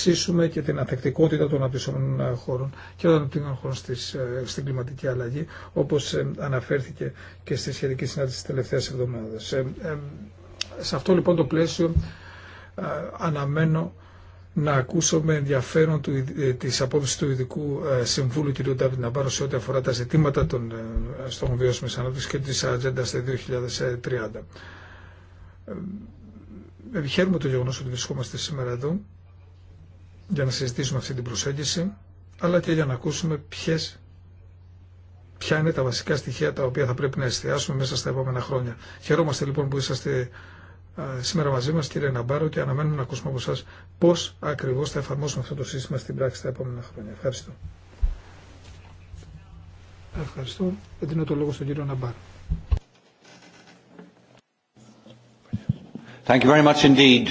αυξήσουμε και την ανθεκτικότητα των αναπτυσσόμενων χώρων και των αναπτυγμένων χώρων στις, ε, στην κλιματική αλλαγή, όπως ε, αναφέρθηκε και στη σχετική συνάντηση της τελευταίας εβδομάδας. Ε, σε αυτό λοιπόν το πλαίσιο αναμένω να ακούσω με ενδιαφέρον του, της απόψης του Ειδικού Συμβούλου κ. Ντάβιν Ναμπάρο σε ό,τι αφορά τα ζητήματα των στόχων βιώσιμης ανάπτυξης και της ατζέντα 2030. Επιχαίρουμε το γεγονός ότι βρισκόμαστε σήμερα εδώ για να συζητήσουμε αυτή την προσέγγιση, αλλά και για να ακούσουμε ποιες, ποια είναι τα βασικά στοιχεία τα οποία θα πρέπει να εστιάσουμε μέσα στα επόμενα χρόνια. Χαιρόμαστε λοιπόν που είσαστε σήμερα μαζί μας κύριε Ναμπάρο και αναμένουμε να ακούσουμε από εσάς πώς ακριβώς θα εφαρμόσουμε αυτό το σύστημα στην πράξη τα επόμενα χρόνια. Ευχαριστώ. Ευχαριστώ. Δίνω το λόγο στον κύριο Ναμπάρο. Thank you very much indeed.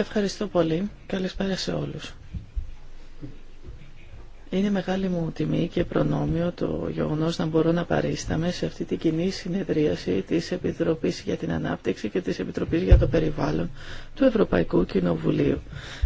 Ευχαριστώ πολύ. Καλησπέρα σε όλους. Είναι μεγάλη μου τιμή και προνόμιο το γεγονός να μπορώ να παρίσταμαι σε αυτή την κοινή συνεδρίαση της Επιτροπής για την Ανάπτυξη και της Επιτροπής για το Περιβάλλον του Ευρωπαϊκού Κοινοβουλίου.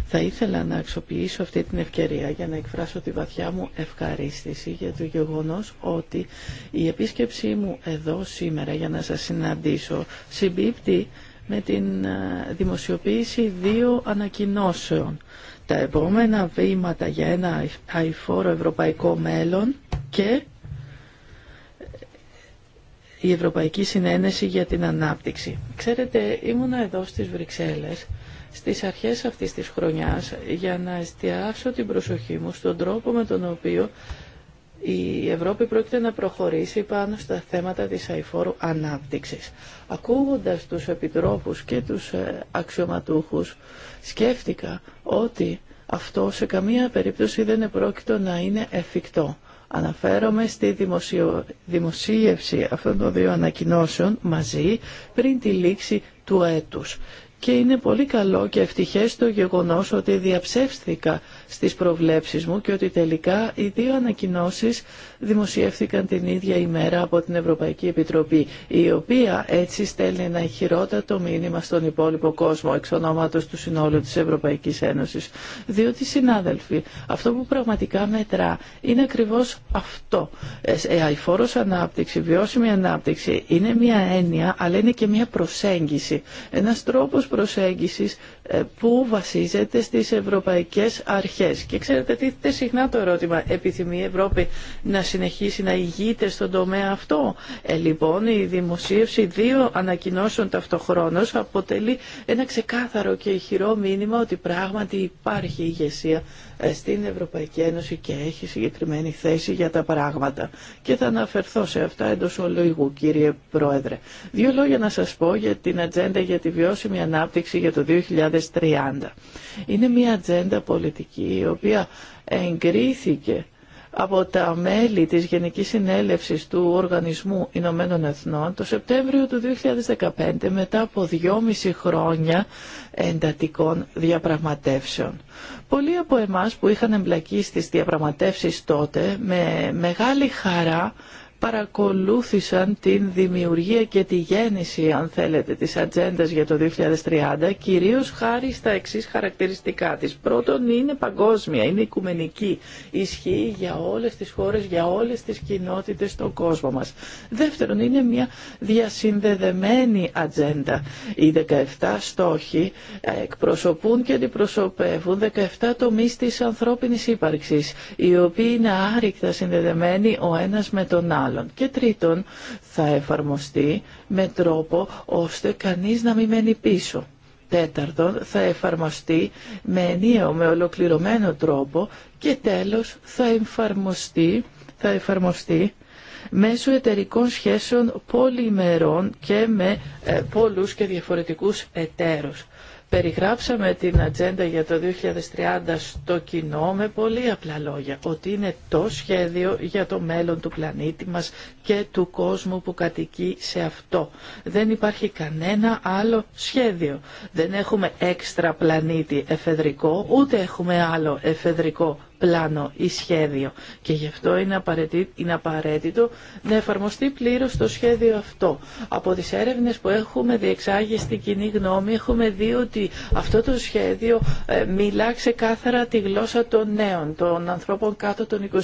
Θα ήθελα να αξιοποιήσω αυτή την ευκαιρία για να εκφράσω τη βαθιά μου ευχαρίστηση για το γεγονός ότι η επίσκεψή μου εδώ σήμερα για να σας συναντήσω συμπίπτει με την ε, δημοσιοποίηση δύο ανακοινώσεων. Τα επόμενα βήματα για ένα αηφόρο ευρωπαϊκό μέλλον και ε, η Ευρωπαϊκή Συνένεση για την Ανάπτυξη. Ξέρετε, ήμουνα εδώ στις Βρυξέλλες στις αρχές αυτής της χρονιάς για να εστιάσω την προσοχή μου στον τρόπο με τον οποίο η Ευρώπη πρόκειται να προχωρήσει πάνω στα θέματα της αηφόρου ανάπτυξης. Ακούγοντας τους επιτρόπους και τους ε, αξιωματούχους, σκέφτηκα ότι αυτό σε καμία περίπτωση δεν επρόκειτο να είναι εφικτό. Αναφέρομαι στη δημοσιο... δημοσίευση αυτών των δύο ανακοινώσεων μαζί πριν τη λήξη του έτους. Και είναι πολύ καλό και ευτυχές το γεγονός ότι διαψεύστηκα στις προβλέψεις μου και ότι τελικά οι δύο ανακοινώσεις δημοσιεύθηκαν την ίδια ημέρα από την Ευρωπαϊκή Επιτροπή, η οποία έτσι στέλνει ένα χειρότατο μήνυμα στον υπόλοιπο κόσμο εξ ονόματος του συνόλου της Ευρωπαϊκής Ένωσης. Διότι, συνάδελφοι, αυτό που πραγματικά μετρά είναι ακριβώς αυτό. Ε, ε, φόρος ανάπτυξη, βιώσιμη ανάπτυξη είναι μια έννοια, αλλά είναι και μια προσέγγιση. Ένας τρόπος προσέγγισης ε, που βασίζεται στις ευρωπαϊκές αρχές και ξέρετε, τίθεται συχνά το ερώτημα, επιθυμεί η Ευρώπη να συνεχίσει να ηγείται στον τομέα αυτό. Ε, λοιπόν, η δημοσίευση δύο ανακοινώσεων ταυτοχρόνως αποτελεί ένα ξεκάθαρο και ηχηρό μήνυμα ότι πράγματι υπάρχει ηγεσία στην Ευρωπαϊκή Ένωση και έχει συγκεκριμένη θέση για τα πράγματα. Και θα αναφερθώ σε αυτά εντός ολοϊγού, κύριε Πρόεδρε. Δύο λόγια να σας πω για την ατζέντα για τη βιώσιμη ανάπτυξη για το 2030. Είναι μια ατζέντα πολιτική η οποία εγκρίθηκε από τα μέλη της Γενικής Συνέλευσης του Οργανισμού Ηνωμένων Εθνών το Σεπτέμβριο του 2015 μετά από δυόμιση χρόνια εντατικών διαπραγματεύσεων. Πολλοί από εμάς που είχαν εμπλακεί στις διαπραγματεύσεις τότε με μεγάλη χαρά παρακολούθησαν την δημιουργία και τη γέννηση, αν θέλετε, της ατζέντα για το 2030, κυρίως χάρη στα εξή χαρακτηριστικά της. Πρώτον, είναι παγκόσμια, είναι οικουμενική, ισχύει για όλες τις χώρες, για όλες τις κοινότητες στον κόσμο μας. Δεύτερον, είναι μια διασυνδεδεμένη ατζέντα. Οι 17 στόχοι ε, εκπροσωπούν και αντιπροσωπεύουν 17 τομείς της ανθρώπινης ύπαρξης, οι οποίοι είναι άρρηκτα συνδεδεμένοι ο ένας με τον άλλο. Και τρίτον, θα εφαρμοστεί με τρόπο ώστε κανείς να μην μένει πίσω. Τέταρτον, θα εφαρμοστεί με ενίο, με ολοκληρωμένο τρόπο και τέλος θα εφαρμοστεί, θα εφαρμοστεί μέσω εταιρικών σχέσεων πολυμερών και με ε, πολλούς και διαφορετικούς εταίρους περιγράψαμε την ατζέντα για το 2030 στο κοινό με πολύ απλά λόγια, ότι είναι το σχέδιο για το μέλλον του πλανήτη μας και του κόσμου που κατοικεί σε αυτό. Δεν υπάρχει κανένα άλλο σχέδιο. Δεν έχουμε έξτρα πλανήτη εφεδρικό, ούτε έχουμε άλλο εφεδρικό πλάνο ή σχέδιο και γι' αυτό είναι απαραίτητο, είναι απαραίτητο να εφαρμοστεί πλήρως το σχέδιο αυτό. Από τις έρευνες που έχουμε διεξάγει στην κοινή γνώμη έχουμε δει ότι αυτό το σχέδιο ε, μιλά ξεκάθαρα τη γλώσσα των νέων, των ανθρώπων κάτω των 25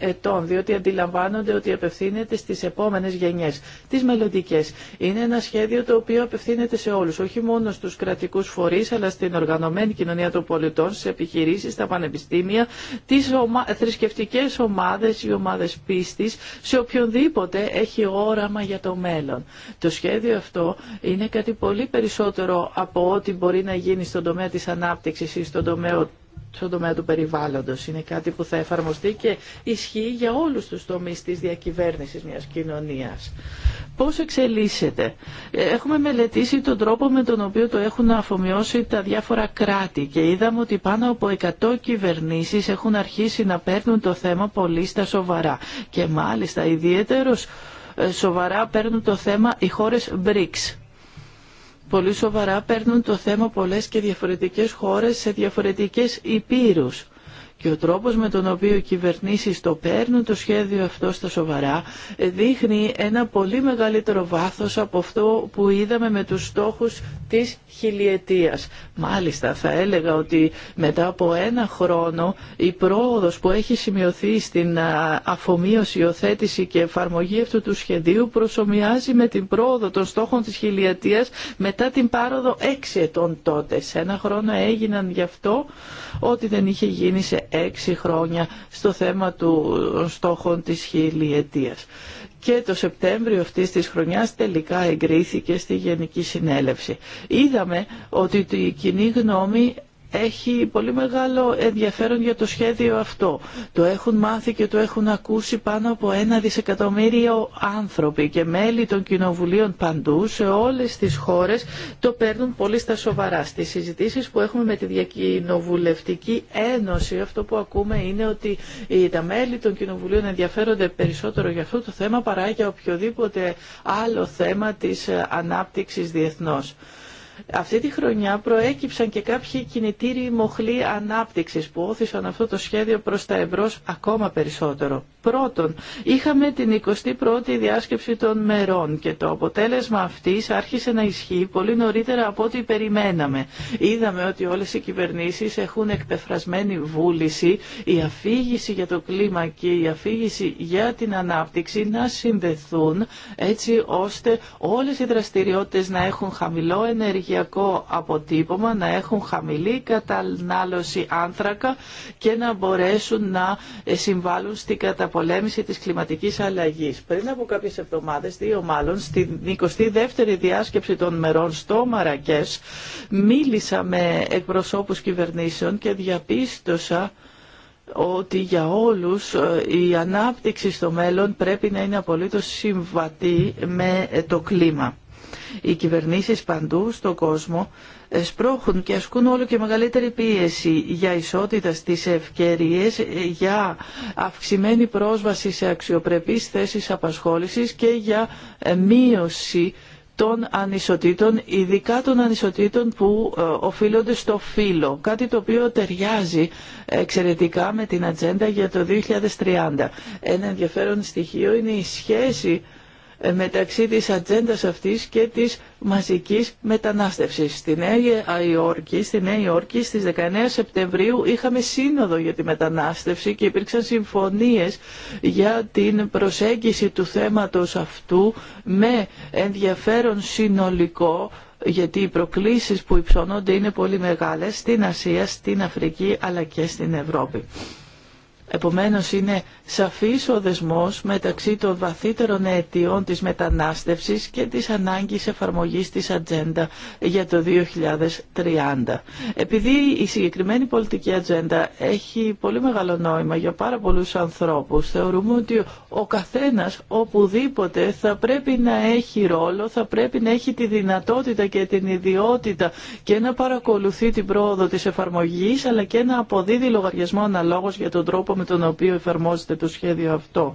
ετών, διότι αντιλαμβάνονται ότι απευθύνεται στις επόμενες γενιές, τις μελλοντικέ. Είναι ένα σχέδιο το οποίο απευθύνεται σε όλους, όχι μόνο στους κρατικούς φορείς, αλλά στην οργανωμένη κοινωνία των πολιτών, στις επιχειρήσεις, στα πανεπιστήμια, τις ομα... θρησκευτικές ομάδες ή ομάδες πίστης σε οποιονδήποτε έχει όραμα για το μέλλον. Το σχέδιο αυτό είναι κάτι πολύ περισσότερο από ό,τι μπορεί να γίνει στον τομέα της ανάπτυξης ή στον τομέα στον τομέα του περιβάλλοντος. Είναι κάτι που θα εφαρμοστεί και ισχύει για όλους τους τομείς της διακυβέρνησης μιας κοινωνίας. Πώς εξελίσσεται. Έχουμε μελετήσει τον τρόπο με τον οποίο το έχουν αφομοιώσει τα διάφορα κράτη και είδαμε ότι πάνω από 100 κυβερνήσεις έχουν αρχίσει να παίρνουν το θέμα πολύ στα σοβαρά. Και μάλιστα ιδιαίτερος ε, σοβαρά παίρνουν το θέμα οι χώρες BRICS πολύ σοβαρά παίρνουν το θέμα πολλές και διαφορετικές χώρες σε διαφορετικές υπήρους. Και ο τρόπος με τον οποίο οι κυβερνήσεις το παίρνουν το σχέδιο αυτό στα σοβαρά ε, δείχνει ένα πολύ μεγαλύτερο βάθος από αυτό που είδαμε με τους στόχους της χιλιετίας. Μάλιστα θα έλεγα ότι μετά από ένα χρόνο η πρόοδος που έχει σημειωθεί στην αφομοίωση, υιοθέτηση και εφαρμογή αυτού του σχεδίου προσωμιάζει με την πρόοδο των στόχων της χιλιετίας μετά την πάροδο 6 ετών τότε. Σε ένα χρόνο έγιναν γι' αυτό ό,τι δεν είχε γίνει σε έξι χρόνια στο θέμα του στόχων της χιλιετίας και το Σεπτέμβριο αυτής της χρονιάς τελικά εγκρίθηκε στη Γενική Συνέλευση. Είδαμε ότι η κοινή γνώμη έχει πολύ μεγάλο ενδιαφέρον για το σχέδιο αυτό. Το έχουν μάθει και το έχουν ακούσει πάνω από ένα δισεκατομμύριο άνθρωποι και μέλη των κοινοβουλίων παντού σε όλες τις χώρες το παίρνουν πολύ στα σοβαρά. Στις συζητήσεις που έχουμε με τη Διακοινοβουλευτική Ένωση αυτό που ακούμε είναι ότι τα μέλη των κοινοβουλίων ενδιαφέρονται περισσότερο για αυτό το θέμα παρά για οποιοδήποτε άλλο θέμα της ε, ανάπτυξης διεθνώς. Αυτή τη χρονιά προέκυψαν και κάποιοι κινητήριοι μοχλοί ανάπτυξης που όθησαν αυτό το σχέδιο προς τα εμπρός ακόμα περισσότερο. Πρώτον, είχαμε την 21η διάσκεψη των μερών και το αποτέλεσμα αυτής άρχισε να ισχύει πολύ νωρίτερα από ό,τι περιμέναμε. Είδαμε ότι όλες οι κυβερνήσεις έχουν εκπεφρασμένη βούληση η αφήγηση για το κλίμα και η αφήγηση για την ανάπτυξη να συνδεθούν έτσι ώστε όλες οι δραστηριότητες να έχουν χαμηλό ενεργειακό ενεργειακό αποτύπωμα, να έχουν χαμηλή κατανάλωση άνθρακα και να μπορέσουν να συμβάλλουν στην καταπολέμηση της κλιματικής αλλαγής. Πριν από κάποιες εβδομάδες, δύο μάλλον, στην 22η διάσκεψη των μερών στο Μαρακές, μίλησα με εκπροσώπους κυβερνήσεων και διαπίστωσα ότι για όλους ε, η ανάπτυξη στο μέλλον πρέπει να είναι απολύτως συμβατή με το κλίμα. Οι κυβερνήσεις παντού στον κόσμο ε, σπρώχουν και ασκούν όλο και μεγαλύτερη πίεση για ισότητα στις ευκαιρίες, ε, για αυξημένη πρόσβαση σε αξιοπρεπείς θέσεις απασχόλησης και για ε, μείωση των ανισοτήτων, ειδικά των ανισοτήτων που οφείλονται στο φύλλο, κάτι το οποίο ταιριάζει εξαιρετικά με την ατζέντα για το 2030. Ένα ενδιαφέρον στοιχείο είναι η σχέση ε, μεταξύ της ατζέντα αυτής και της μαζικής μετανάστευσης. Στη Νέα Υόρκη, στη Νέα Υόρκη στις 19 Σεπτεμβρίου είχαμε σύνοδο για τη μετανάστευση και υπήρξαν συμφωνίες για την προσέγγιση του θέματος αυτού με ενδιαφέρον συνολικό γιατί οι προκλήσεις που υψώνονται είναι πολύ μεγάλες στην Ασία, στην Αφρική αλλά και στην Ευρώπη. Επομένως είναι σαφής ο δεσμός μεταξύ των βαθύτερων αιτιών της μετανάστευσης και της ανάγκης εφαρμογής της ατζέντα για το 2030. Επειδή η συγκεκριμένη πολιτική ατζέντα έχει πολύ μεγάλο νόημα για πάρα πολλούς ανθρώπους, θεωρούμε ότι ο καθένας οπουδήποτε θα πρέπει να έχει ρόλο, θα πρέπει να έχει τη δυνατότητα και την ιδιότητα και να παρακολουθεί την πρόοδο της εφαρμογής αλλά και να αποδίδει λογαριασμό αναλόγως για τον τρόπο με τον οποίο εφαρμόζεται το σχέδιο αυτό.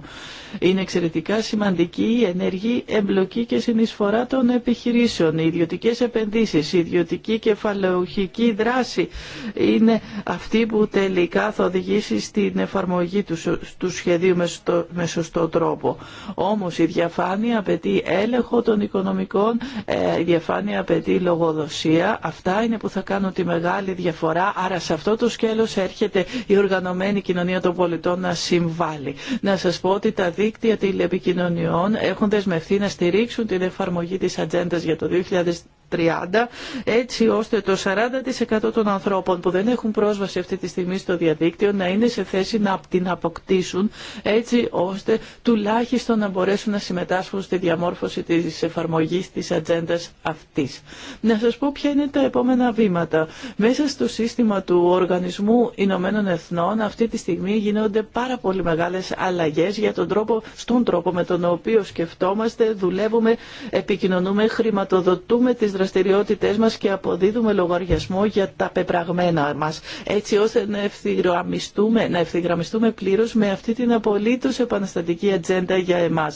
Είναι εξαιρετικά σημαντική η ενεργή εμπλοκή και συνεισφορά των επιχειρήσεων. Οι ιδιωτικέ επενδύσεις, η ιδιωτική κεφαλαιοχική δράση είναι αυτή που τελικά θα οδηγήσει στην εφαρμογή του σχεδίου με σωστό τρόπο. Όμως η διαφάνεια απαιτεί έλεγχο των οικονομικών, ε, η διαφάνεια απαιτεί λογοδοσία. Αυτά είναι που θα κάνουν τη μεγάλη διαφορά. Άρα σε αυτό το σκέλος έρχεται η οργανωμένη κοινωνία των πολιτών να συμβάλλει. Να σα πω ότι τα δίκτυα τηλεπικοινωνιών έχουν δεσμευθεί να στηρίξουν την εφαρμογή της ατζέντα για το έτσι ώστε το 40% των ανθρώπων που δεν έχουν πρόσβαση αυτή τη στιγμή στο διαδίκτυο να είναι σε θέση να την αποκτήσουν έτσι ώστε τουλάχιστον να μπορέσουν να συμμετάσχουν στη διαμόρφωση της εφαρμογής της ατζέντα αυτής. Να σας πω ποια είναι τα επόμενα βήματα. Μέσα στο σύστημα του Οργανισμού Ηνωμένων Εθνών αυτή τη στιγμή γίνονται πάρα πολύ μεγάλες αλλαγές για τον τρόπο, στον τρόπο με τον οποίο σκεφτόμαστε, δουλεύουμε, επικοινωνούμε, χρηματοδοτούμε τις δραστηριότητε μα και αποδίδουμε λογαριασμό για τα πεπραγμένα μα, έτσι ώστε να ευθυγραμμιστούμε, να ευθυγραμμιστούμε πλήρως με αυτή την απολύτω επαναστατική ατζέντα για εμά.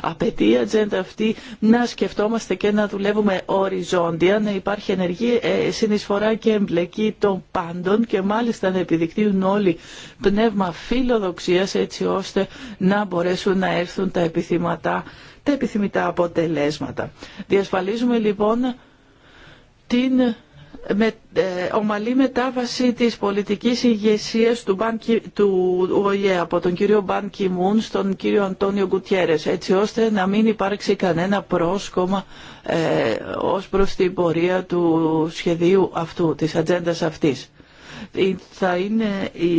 Απαιτεί η ατζέντα αυτή να σκεφτόμαστε και να δουλεύουμε οριζόντια, να υπάρχει ενεργή ε, συνεισφορά και εμπλεκή των πάντων και μάλιστα να επιδεικνύουν όλοι πνεύμα φιλοδοξία έτσι ώστε να μπορέσουν να έρθουν τα επιθυμητά τα επιθυμητά αποτελέσματα. Διασφαλίζουμε λοιπόν την με, ε, ομαλή μετάβαση της πολιτικής ηγεσία του, του ΟΗΕ από τον κύριο Μπαν Κιμούν στον κύριο Αντώνιο Γκουτιέρες έτσι ώστε να μην υπάρξει κανένα πρόσκομα ε, ως προς την πορεία του σχεδίου αυτού, της ατζέντα αυτής. Θα είναι οι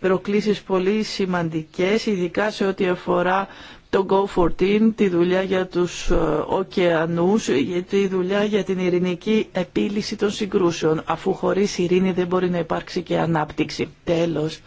προκλήσεις πολύ σημαντικές, ειδικά σε ό,τι αφορά το Go14, τη δουλειά για τους ε, ωκεανούς, τη δουλειά για την ειρηνική επίλυση των συγκρούσεων, αφού χωρίς ειρήνη δεν μπορεί να υπάρξει και ανάπτυξη. Τέλος,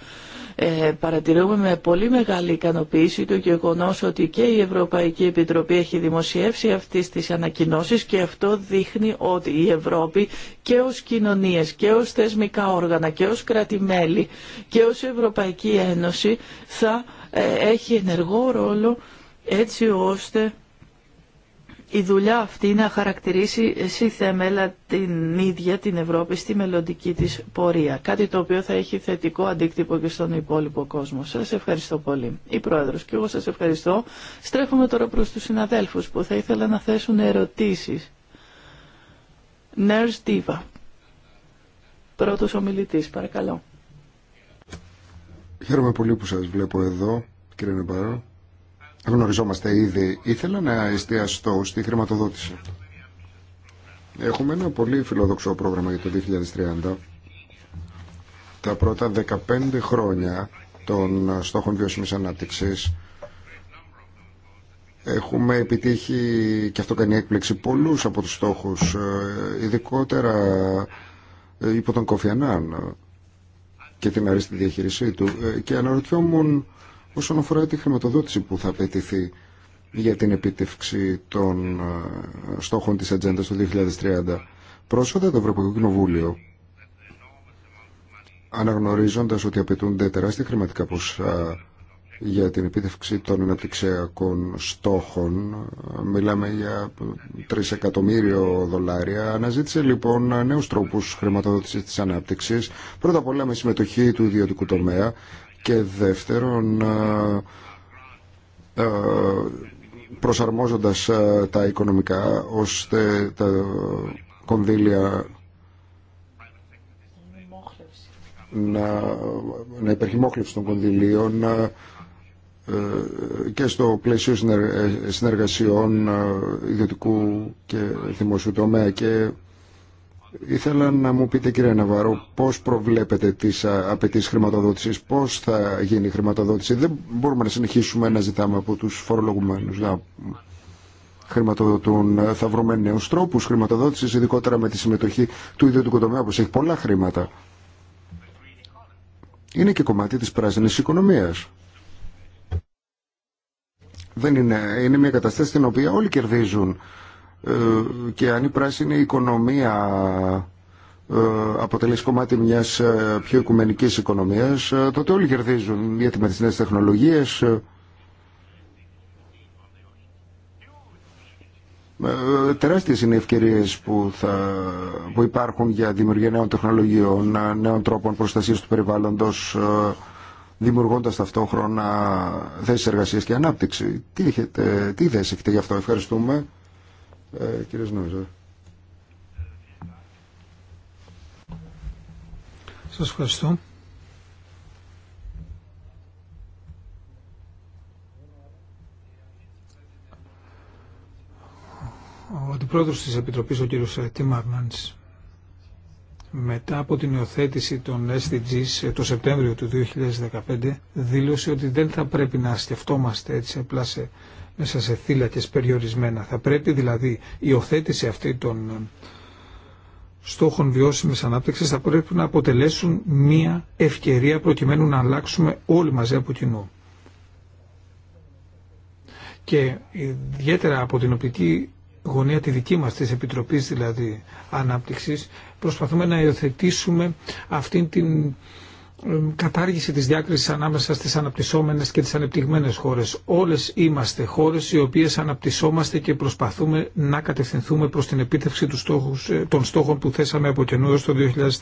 ε, παρατηρούμε με πολύ μεγάλη ικανοποίηση το γεγονός ότι και η Ευρωπαϊκή Επιτροπή έχει δημοσιεύσει αυτές τις ανακοινώσεις και αυτό δείχνει ότι η Ευρώπη και ως κοινωνίες και ως θεσμικά όργανα και ως κρατημέλη και ως Ευρωπαϊκή Ένωση θα ε, έχει ενεργό ρόλο έτσι ώστε η δουλειά αυτή να χαρακτηρίσει εσύ θέμελα την ίδια την Ευρώπη στη μελλοντική της πορεία. Κάτι το οποίο θα έχει θετικό αντίκτυπο και στον υπόλοιπο κόσμο. Σας ευχαριστώ πολύ. Η Πρόεδρος και εγώ σας ευχαριστώ. Στρέφουμε τώρα προς τους συναδέλφους που θα ήθελα να θέσουν ερωτήσεις. Νέρς πρώτο Πρώτος ομιλητής, παρακαλώ. Χαίρομαι πολύ που σας βλέπω εδώ, κύριε Νεμπάρο. Γνωριζόμαστε ήδη. Ήθελα να εστιαστώ στη χρηματοδότηση. Έχουμε ένα πολύ φιλόδοξο πρόγραμμα για το 2030. Τα πρώτα 15 χρόνια των στόχων βιώσιμης ανάπτυξης έχουμε επιτύχει, και αυτό κάνει έκπληξη, πολλούς από τους στόχους, ε, ειδικότερα ε, υπό τον Κοφιανάν και την αρίστη διαχείρισή του. Ε, και αναρωτιόμουν όσον αφορά τη χρηματοδότηση που θα απαιτηθεί για την επίτευξη των ε, στόχων της ατζέντα του 2030. Πρόσφατα το Ευρωπαϊκό Κοινοβούλιο, αναγνωρίζοντας ότι απαιτούνται τεράστια χρηματικά ποσά για την επίτευξη των αναπτυξιακών στόχων. Μιλάμε για 3 εκατομμύριο δολάρια. Αναζήτησε λοιπόν νέους τρόπους χρηματοδότησης της ανάπτυξης. Πρώτα απ' όλα με συμμετοχή του ιδιωτικού τομέα και δεύτερον ε, ε, προσαρμόζοντας ε, τα οικονομικά ώστε τα κονδύλια να, να μόχλευση των κονδυλίων και στο πλαίσιο συνεργασιών ε, ιδιωτικού και δημοσίου τομέα και ήθελα να μου πείτε κύριε Ναβαρό πώς προβλέπετε τις απαιτήσει χρηματοδότησης, πώς θα γίνει η χρηματοδότηση. Δεν μπορούμε να συνεχίσουμε να ζητάμε από τους φορολογουμένους να χρηματοδοτούν, θα βρούμε νέου τρόπου χρηματοδότησης, ειδικότερα με τη συμμετοχή του ιδιωτικού τομέα που έχει πολλά χρήματα. Είναι και κομμάτι της πράσινης οικονομίας. Δεν είναι. Είναι μια κατάσταση στην οποία όλοι κερδίζουν. Ε, και αν η πράσινη οικονομία ε, αποτελεί κομμάτι μιας ε, πιο οικουμενικής οικονομίας, τότε όλοι κερδίζουν, γιατί με τις νέες τεχνολογίες τεράστιες είναι οι ευκαιρίες που, θα, που υπάρχουν για δημιουργία νέων τεχνολογιών, νέων τρόπων προστασίας του περιβάλλοντος, Δημιουργώντα ταυτόχρονα θέσει εργασία και ανάπτυξη. Τι, έχετε, τι θέση έχετε γι' αυτό. Ευχαριστούμε. Ε, κύριε Σνόιζερ. Σας ευχαριστώ. Ο αντιπρόεδρος της Επιτροπής, ο κύριος ε, Τιμάρμανς, μετά από την υιοθέτηση των SDGs ε, το Σεπτέμβριο του 2015 δήλωσε ότι δεν θα πρέπει να σκεφτόμαστε έτσι απλά σε, μέσα σε θύλακες περιορισμένα. Θα πρέπει δηλαδή η υιοθέτηση αυτή των ε, στόχων βιώσιμης ανάπτυξης θα πρέπει να αποτελέσουν μία ευκαιρία προκειμένου να αλλάξουμε όλοι μαζί από κοινού. Και ιδιαίτερα από την οπτική γωνία τη δική μας της Επιτροπής δηλαδή Ανάπτυξης προσπαθούμε να υιοθετήσουμε αυτήν την ε, κατάργηση της διάκρισης ανάμεσα στις αναπτυσσόμενες και τις ανεπτυγμένες χώρες. Όλες είμαστε χώρες οι οποίες αναπτυσσόμαστε και προσπαθούμε να κατευθυνθούμε προς την επίτευξη του στόχους, ε, των στόχων που θέσαμε από καινού έως το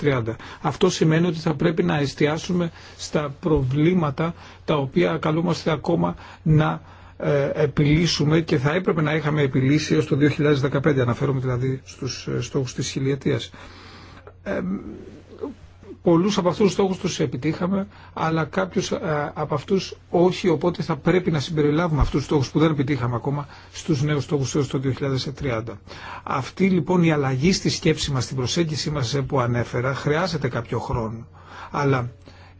2030. Αυτό σημαίνει ότι θα πρέπει να εστιάσουμε στα προβλήματα τα οποία καλούμαστε ακόμα να ε, επιλύσουμε και θα έπρεπε να είχαμε επιλύσει έως το 2015, αναφέρομαι δηλαδή στους ε, στόχους της χιλιετίας. Ε, πολλούς από αυτούς τους στόχους τους επιτύχαμε, αλλά κάποιους ε, από αυτούς όχι, οπότε θα πρέπει να συμπεριλάβουμε αυτούς τους στόχους που δεν επιτύχαμε ακόμα στους νέους στόχους έως το 2030. Αυτή λοιπόν η αλλαγή στη σκέψη μας, στην προσέγγιση μας που ανέφερα, χρειάζεται κάποιο χρόνο. Αλλά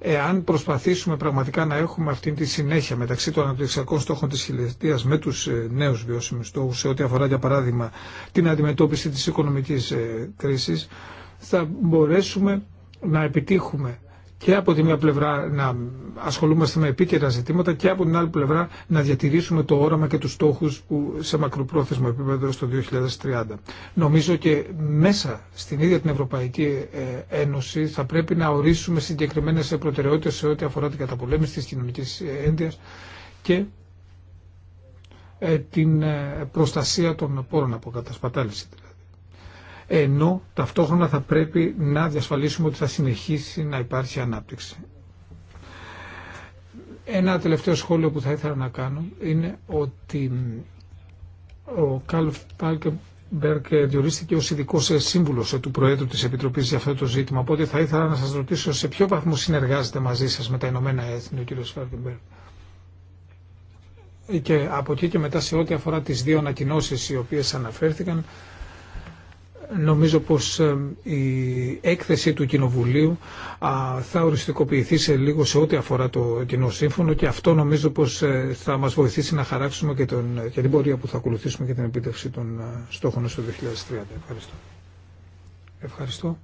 εάν προσπαθήσουμε πραγματικά να έχουμε αυτή τη συνέχεια μεταξύ των αναπτυξιακών στόχων της χιλιετίας με τους ε, νέους βιώσιμους στόχους σε ό,τι αφορά για παράδειγμα την αντιμετώπιση της οικονομικής ε, κρίσης θα μπορέσουμε να επιτύχουμε και από τη μία πλευρά να ασχολούμαστε με επίκαιρα ζητήματα και από την άλλη πλευρά να διατηρήσουμε το όραμα και τους στόχους που σε μακροπρόθεσμο επίπεδο στο 2030. Νομίζω και μέσα στην ίδια την Ευρωπαϊκή ε, Ένωση θα πρέπει να ορίσουμε συγκεκριμένες προτεραιότητες σε ό,τι αφορά την καταπολέμηση της κοινωνικής ε, ένδυας και ε, την προστασία των πόρων από κατασπατάληση ενώ ταυτόχρονα θα πρέπει να διασφαλίσουμε ότι θα συνεχίσει να υπάρχει ανάπτυξη. Ένα τελευταίο σχόλιο που θα ήθελα να κάνω είναι ότι ο Κάλφ Φάλκεμπερκ διορίστηκε ως ειδικό σύμβουλος του Προέδρου της Επιτροπής για αυτό το ζήτημα. Οπότε θα ήθελα να σας ρωτήσω σε ποιο βαθμό συνεργάζεται μαζί σας με τα Ηνωμένα Έθνη ο κ. Φάλκεμπερκ. Και από εκεί και μετά σε ό,τι αφορά τις δύο ανακοινώσεις οι οποίες αναφέρθηκαν, νομίζω πως ε, η έκθεση του Κοινοβουλίου θα οριστικοποιηθεί σε λίγο σε ό,τι αφορά το κοινό σύμφωνο και αυτό νομίζω πως ε, θα μας βοηθήσει να χαράξουμε και, τον, την πορεία που θα ακολουθήσουμε για την επίτευξη των ε, στόχων στο 2030. Ευχαριστώ. Ευχαριστώ.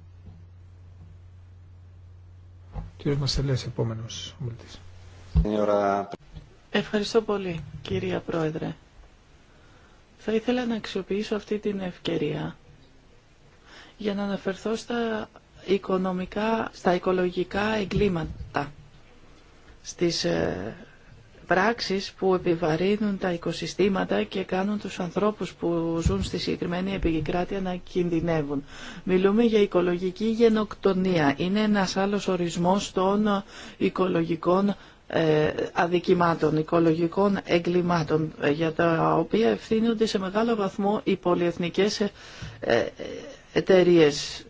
Κύριε Μασελές, επόμενος ομιλητής. Ευχαριστώ πολύ, κυρία Πρόεδρε. Θα ήθελα να αξιοποιήσω αυτή την ευκαιρία για να αναφερθώ στα, οικονομικά, στα οικολογικά εγκλήματα, στις ε, πράξεις που επιβαρύνουν τα οικοσυστήματα και κάνουν τους ανθρώπους που ζουν στη συγκεκριμένη επικράτεια να κινδυνεύουν. Μιλούμε για οικολογική γενοκτονία. Είναι ένας άλλος ορισμός των οικολογικών ε, αδικημάτων, οικολογικών εγκλημάτων, ε, για τα οποία ευθύνονται σε μεγάλο βαθμό οι πολυεθνικές εταιρείε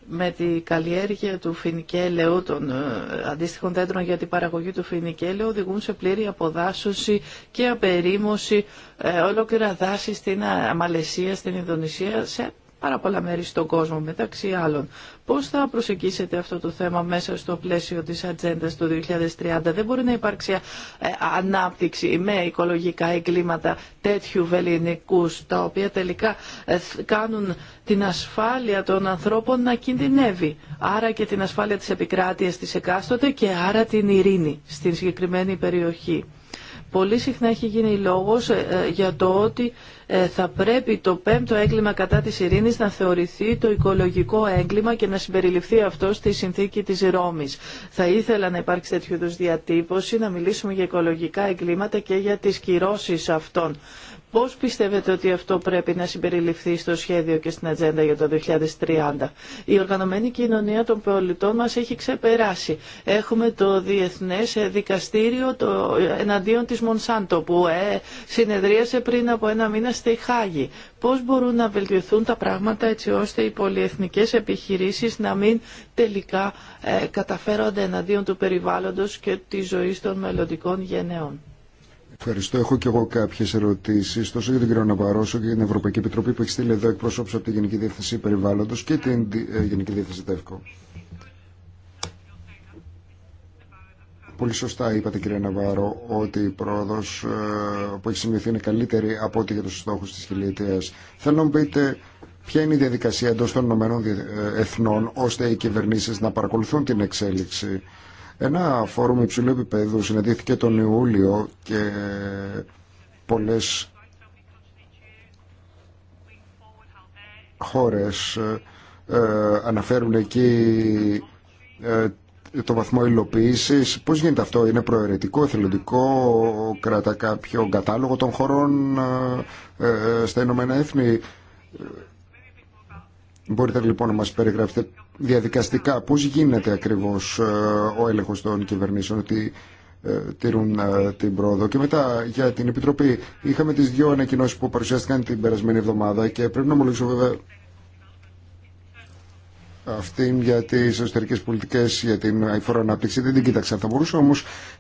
με τη καλλιέργεια του φινικέλαιου, των ε, αντίστοιχων δέντρων για την παραγωγή του φινικέλαιου, οδηγούν σε πλήρη αποδάσωση και απερίμωση ε, ολόκληρα δάση στην Αμαλεσία, ε, στην Ινδονησία, πάρα πολλά μέρη στον κόσμο, μεταξύ άλλων. Πώς θα προσεγγίσετε αυτό το θέμα μέσα στο πλαίσιο της ατζέντα του 2030. Δεν μπορεί να υπάρξει ε, ανάπτυξη με οικολογικά εγκλήματα τέτοιου βεληνικούς, τα οποία τελικά ε, κάνουν την ασφάλεια των ανθρώπων να κινδυνεύει. Άρα και την ασφάλεια της επικράτειας της εκάστοτε και άρα την ειρήνη στην συγκεκριμένη περιοχή. Πολύ συχνά έχει γίνει λόγος ε, ε, για το ότι ε, θα πρέπει το πέμπτο έγκλημα κατά της ειρήνης να θεωρηθεί το οικολογικό έγκλημα και να συμπεριληφθεί αυτό στη συνθήκη της Ρώμης. Θα ήθελα να υπάρξει τέτοιου είδους διατύπωση, να μιλήσουμε για οικολογικά εγκλήματα και για τις κυρώσεις αυτών. Πώς πιστεύετε ότι αυτό πρέπει να συμπεριληφθεί στο σχέδιο και στην ατζέντα για το 2030. Η οργανωμένη κοινωνία των πολιτών μας έχει ξεπεράσει. Έχουμε το Διεθνές Δικαστήριο το, εναντίον της Μονσάντο που ε, συνεδρίασε πριν από ένα μήνα στη Χάγη. Πώς μπορούν να βελτιωθούν τα πράγματα έτσι ώστε οι πολυεθνικές επιχειρήσεις να μην τελικά ε, καταφέρονται εναντίον του περιβάλλοντος και της ζωής των μελλοντικών γενναιών. Ευχαριστώ. Έχω και εγώ κάποιε ερωτήσει τόσο για τον κύριο όσο και για την Ευρωπαϊκή Επιτροπή που έχει στείλει εδώ εκπροσώπου από τη Γενική Διεύθυνση Περιβάλλοντο και την ε, Γενική Διεύθυνση ΤΕΦΚΟ. Πολύ σωστά είπατε κύριε Ναβάρο ότι η πρόοδο ε, που έχει σημειωθεί είναι καλύτερη από ό,τι για του στόχου τη χιλιετία. Θέλω να μου πείτε ποια είναι η διαδικασία εντό των Ηνωμένων ε, Εθνών ώστε οι κυβερνήσει να παρακολουθούν την εξέλιξη ένα φόρουμ υψηλού επίπεδου συναντήθηκε τον Ιούλιο και πολλές χώρες ε, αναφέρουν εκεί ε, το βαθμό υλοποίηση. Πώ γίνεται αυτό, είναι προαιρετικό, εθελοντικό, κρατά κάποιο κατάλογο των χωρών ε, ε, στα Ηνωμένα Έθνη. Μπορείτε λοιπόν να μας περιγράψετε διαδικαστικά πώς γίνεται ακριβώς ε, ο έλεγχος των κυβερνήσεων ότι ε, τηρούν ε, την πρόοδο. Και μετά για την Επιτροπή είχαμε τις δύο ανακοινώσεις που παρουσιάστηκαν την περασμένη εβδομάδα και πρέπει να ομολογήσω βέβαια αυτή για τι εσωτερικέ πολιτικέ, για την αηφόρο ανάπτυξη. Δεν την κοίταξα. Θα μπορούσε όμω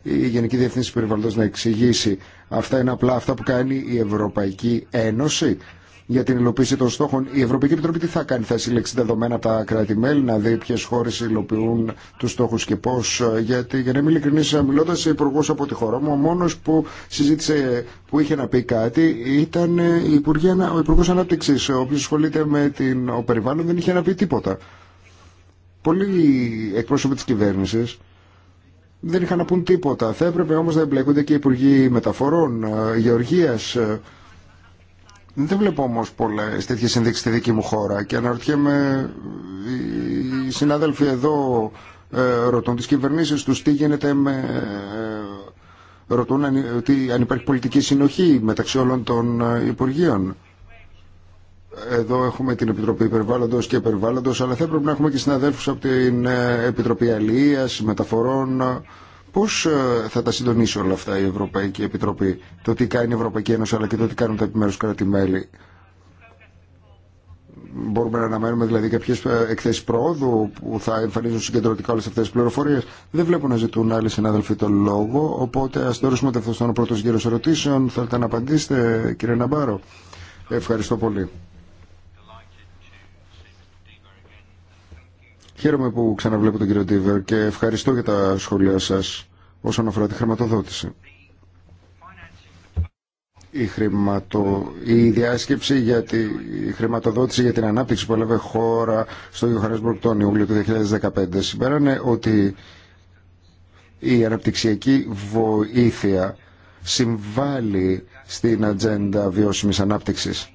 η Γενική Διευθύνση Περιβαλλοντό να εξηγήσει αυτά είναι απλά αυτά που κάνει η Ευρωπαϊκή Ένωση για την υλοποίηση των στόχων. Η Ευρωπαϊκή Επιτροπή τι θα κάνει, θα συλλέξει δεδομένα από τα κράτη-μέλη, να δει ποιε χώρε υλοποιούν του στόχου και πώ. Γιατί, για να είμαι ειλικρινή, μιλώντα σε υπουργού από τη χώρα μου, ο μόνο που συζήτησε, που είχε να πει κάτι, ήταν η ο Υπουργό Ανάπτυξη. Όποιο ασχολείται με την, ο περιβάλλον δεν είχε να πει τίποτα. Πολλοί εκπρόσωποι τη κυβέρνηση δεν είχαν να πούν τίποτα. Θα έπρεπε όμω να εμπλέκονται και οι Υπουργοί Μεταφορών, ε, Γεωργία, ε, δεν βλέπω όμω πολλέ τέτοιε συνδείξει στη δική μου χώρα και αναρωτιέμαι, οι συνάδελφοι εδώ ε, ρωτούν τι κυβερνήσει του τι γίνεται με. Ε, ρωτούν αν, ότι, αν υπάρχει πολιτική συνοχή μεταξύ όλων των ε, Υπουργείων. Εδώ έχουμε την Επιτροπή περιβάλλοντο και Υπερβάλλοντο, αλλά θα έπρεπε να έχουμε και συναδέλφου από την ε, Επιτροπή Αλληλεία, Μεταφορών, Πώς ε, θα τα συντονίσει όλα αυτά η Ευρωπαϊκή Επιτροπή, το τι κάνει η Ευρωπαϊκή Ένωση αλλά και το τι κάνουν τα επιμέρους κράτη-μέλη. Μπορούμε να αναμένουμε δηλαδή κάποιε εκθέσει προόδου που θα εμφανίζουν συγκεντρωτικά όλε αυτέ τι πληροφορίε. Δεν βλέπω να ζητούν άλλοι συνάδελφοι τον λόγο, οπότε α το ότι αυτό ήταν ο πρώτο γύρο ερωτήσεων. Θέλετε να απαντήσετε, κύριε Ναμπάρο. Ευχαριστώ πολύ. Χαίρομαι που ξαναβλέπω τον κύριο Τίβερ και ευχαριστώ για τα σχόλια σας όσον αφορά τη χρηματοδότηση. Η, χρηματο... η διάσκεψη για τη χρηματοδότηση για την ανάπτυξη που έλαβε χώρα στο Ιωχανέσμπουργκ τον Ιούλιο του 2015 συμπέρανε ότι η αναπτυξιακή βοήθεια συμβάλλει στην ατζέντα βιώσιμης ανάπτυξης.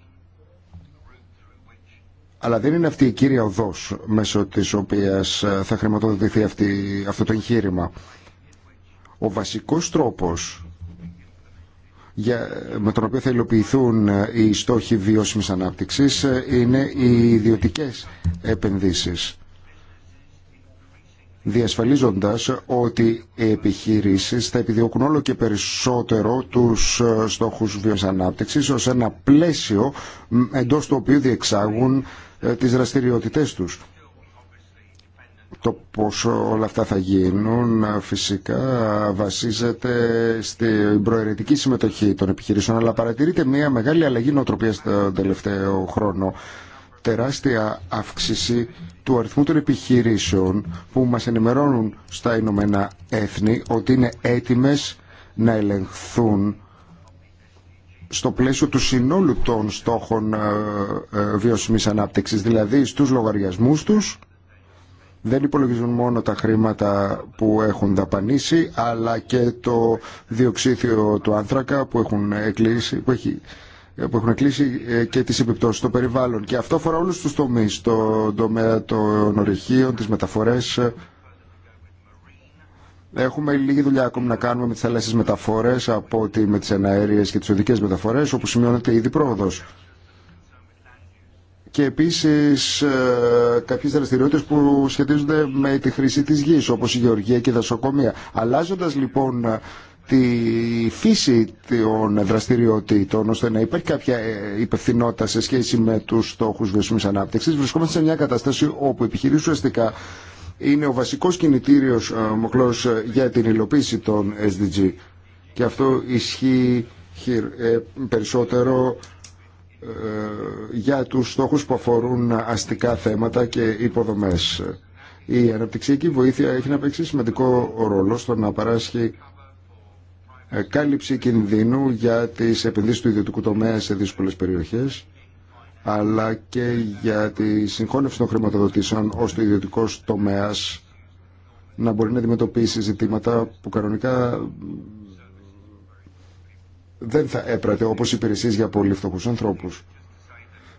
Αλλά δεν είναι αυτή η κύρια οδός μέσω της οποίας ε, θα χρηματοδοτηθεί αυτή, αυτό το εγχείρημα. Ο βασικός τρόπος με τον οποίο θα υλοποιηθούν ε, οι στόχοι βιώσιμης ανάπτυξης ε, είναι οι ιδιωτικές επενδύσεις διασφαλίζοντας ότι οι επιχειρήσεις θα επιδιώκουν όλο και περισσότερο τους ε, στόχους βιοσανάπτυξης ως ένα πλαίσιο εντός του οποίου διεξάγουν ε, τις δραστηριότητές τους. Το πόσο όλα αυτά θα γίνουν ε, φυσικά βασίζεται στην προαιρετική συμμετοχή των επιχειρήσεων αλλά παρατηρείται μια μεγάλη αλλαγή νοοτροπίας τον τελευταίο χρόνο τεράστια αύξηση του αριθμού των επιχειρήσεων που μας ενημερώνουν στα Ηνωμένα Έθνη ότι είναι έτοιμες να ελεγχθούν στο πλαίσιο του συνόλου των στόχων ε, ε, βιώσιμης ανάπτυξης, δηλαδή στους λογαριασμούς τους, δεν υπολογίζουν μόνο τα χρήματα που έχουν δαπανίσει, αλλά και το διοξίδιο του άνθρακα που, έχουν εκλήσει, που ε, που έχουν κλείσει ε, και τις επιπτώσεις στο περιβάλλον. Και αυτό αφορά όλους τους τομείς, το τομέα των ορυχείων, τις μεταφορές. Έχουμε λίγη δουλειά ακόμη να κάνουμε με τις θαλάσσιες μεταφορές από ότι με τις εναέριες και τις οδικές μεταφορές, όπου σημειώνεται ήδη πρόοδος. Και επίσης ε, κάποιες δραστηριότητες που σχετίζονται με τη χρήση της γης, όπως η γεωργία και η δασοκομεία. Αλλάζοντας λοιπόν τη φύση των δραστηριοτήτων ώστε να υπάρχει κάποια ε, υπευθυνότητα σε σχέση με τους στόχους βιωσιμής ανάπτυξης. Βρισκόμαστε σε μια κατάσταση όπου επιχειρήσει ουσιαστικά είναι ο βασικός κινητήριος ε, μοχλός ε, για την υλοποίηση των SDG και αυτό ισχύει περισσότερο για τους στόχους που αφορούν αστικά θέματα και υποδομές. Η αναπτυξιακή βοήθεια έχει να παίξει σημαντικό ρόλο στο να παράσχει κάλυψη κινδύνου για τις επενδύσεις του ιδιωτικού τομέα σε δύσκολες περιοχές αλλά και για τη συγχώνευση των χρηματοδοτήσεων ώστε το ιδιωτικό τομέα να μπορεί να αντιμετωπίσει ζητήματα που κανονικά δεν θα έπρατε όπως υπηρεσίες για πολύ φτωχούς ανθρώπους.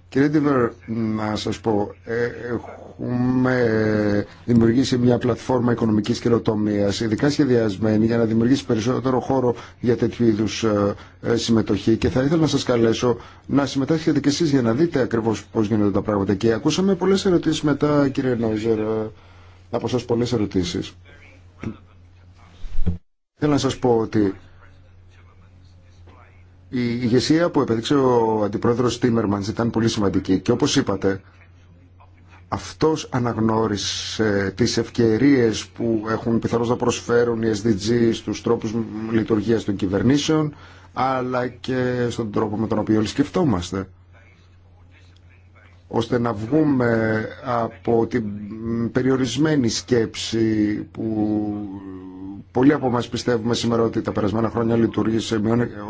Κύριε Ντίβερ, να σας πω, ε, έχουμε δημιουργήσει μια πλατφόρμα οικονομικής καινοτομία, ειδικά σχεδιασμένη για να δημιουργήσει περισσότερο χώρο για τέτοιου είδους ε, ε, συμμετοχή και θα ήθελα να σας καλέσω να συμμετάσχετε και εσείς για να δείτε ακριβώς πώς γίνονται τα πράγματα και ακούσαμε πολλές ερωτήσεις μετά κύριε Νόιζερ, από σας πολλές ερωτήσεις. Θέλω να σας πω ότι η ηγεσία που επέδειξε ο αντιπρόεδρος Τίμερμανς ήταν πολύ σημαντική και όπως είπατε αυτός αναγνώρισε τις ευκαιρίες που έχουν πιθανώς να προσφέρουν οι SDGs στους τρόπους λειτουργίας των κυβερνήσεων αλλά και στον τρόπο με τον οποίο όλοι σκεφτόμαστε ώστε να βγούμε από την περιορισμένη σκέψη που πολλοί από εμά πιστεύουμε σήμερα ότι τα περασμένα χρόνια λειτουργήσε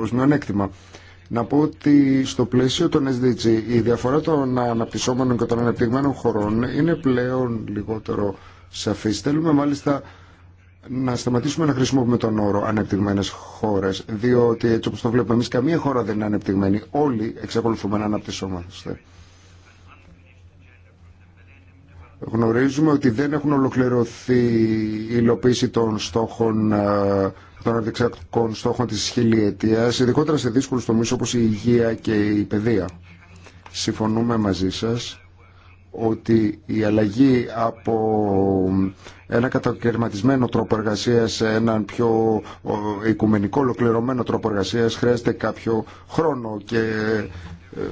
ω μειονέκτημα. Να πω ότι στο πλαίσιο των SDG η διαφορά των αναπτυσσόμενων και των ανεπτυγμένων χωρών είναι πλέον λιγότερο σαφή. Θέλουμε μάλιστα να σταματήσουμε να χρησιμοποιούμε τον όρο ανεπτυγμένε χώρε, διότι έτσι όπω το βλέπουμε εμεί, καμία χώρα δεν είναι ανεπτυγμένη. Όλοι εξακολουθούμε να αναπτυσσόμαστε. Γνωρίζουμε ότι δεν έχουν ολοκληρωθεί η υλοποίηση των στόχων ε, των αντιξακτικών στόχων της χιλιετίας, ειδικότερα σε δύσκολους τομείς όπως η υγεία και η παιδεία. Συμφωνούμε μαζί σας ότι η αλλαγή από ένα κατακαιρματισμένο τρόπο εργασίας σε έναν πιο οικουμενικό ολοκληρωμένο τρόπο εργασίας χρειάζεται κάποιο χρόνο και ε,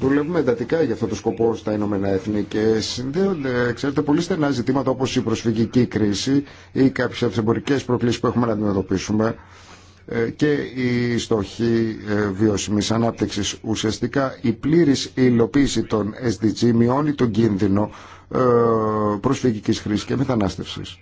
δουλεύουμε εντατικά για αυτό το σκοπό στα Ηνωμένα Έθνη και συνδέονται, ξέρετε, πολύ στενά ζητήματα όπως η προσφυγική κρίση ή κάποιες εμπορικές προκλήσεις που έχουμε να αντιμετωπίσουμε ε, και η στοχή ε, βιώσιμης ανάπτυξης. Ουσιαστικά η πλήρης υλοποίηση των SDG μειώνει τον κίνδυνο ε, προσφυγικής χρήσης και μετανάστευσης.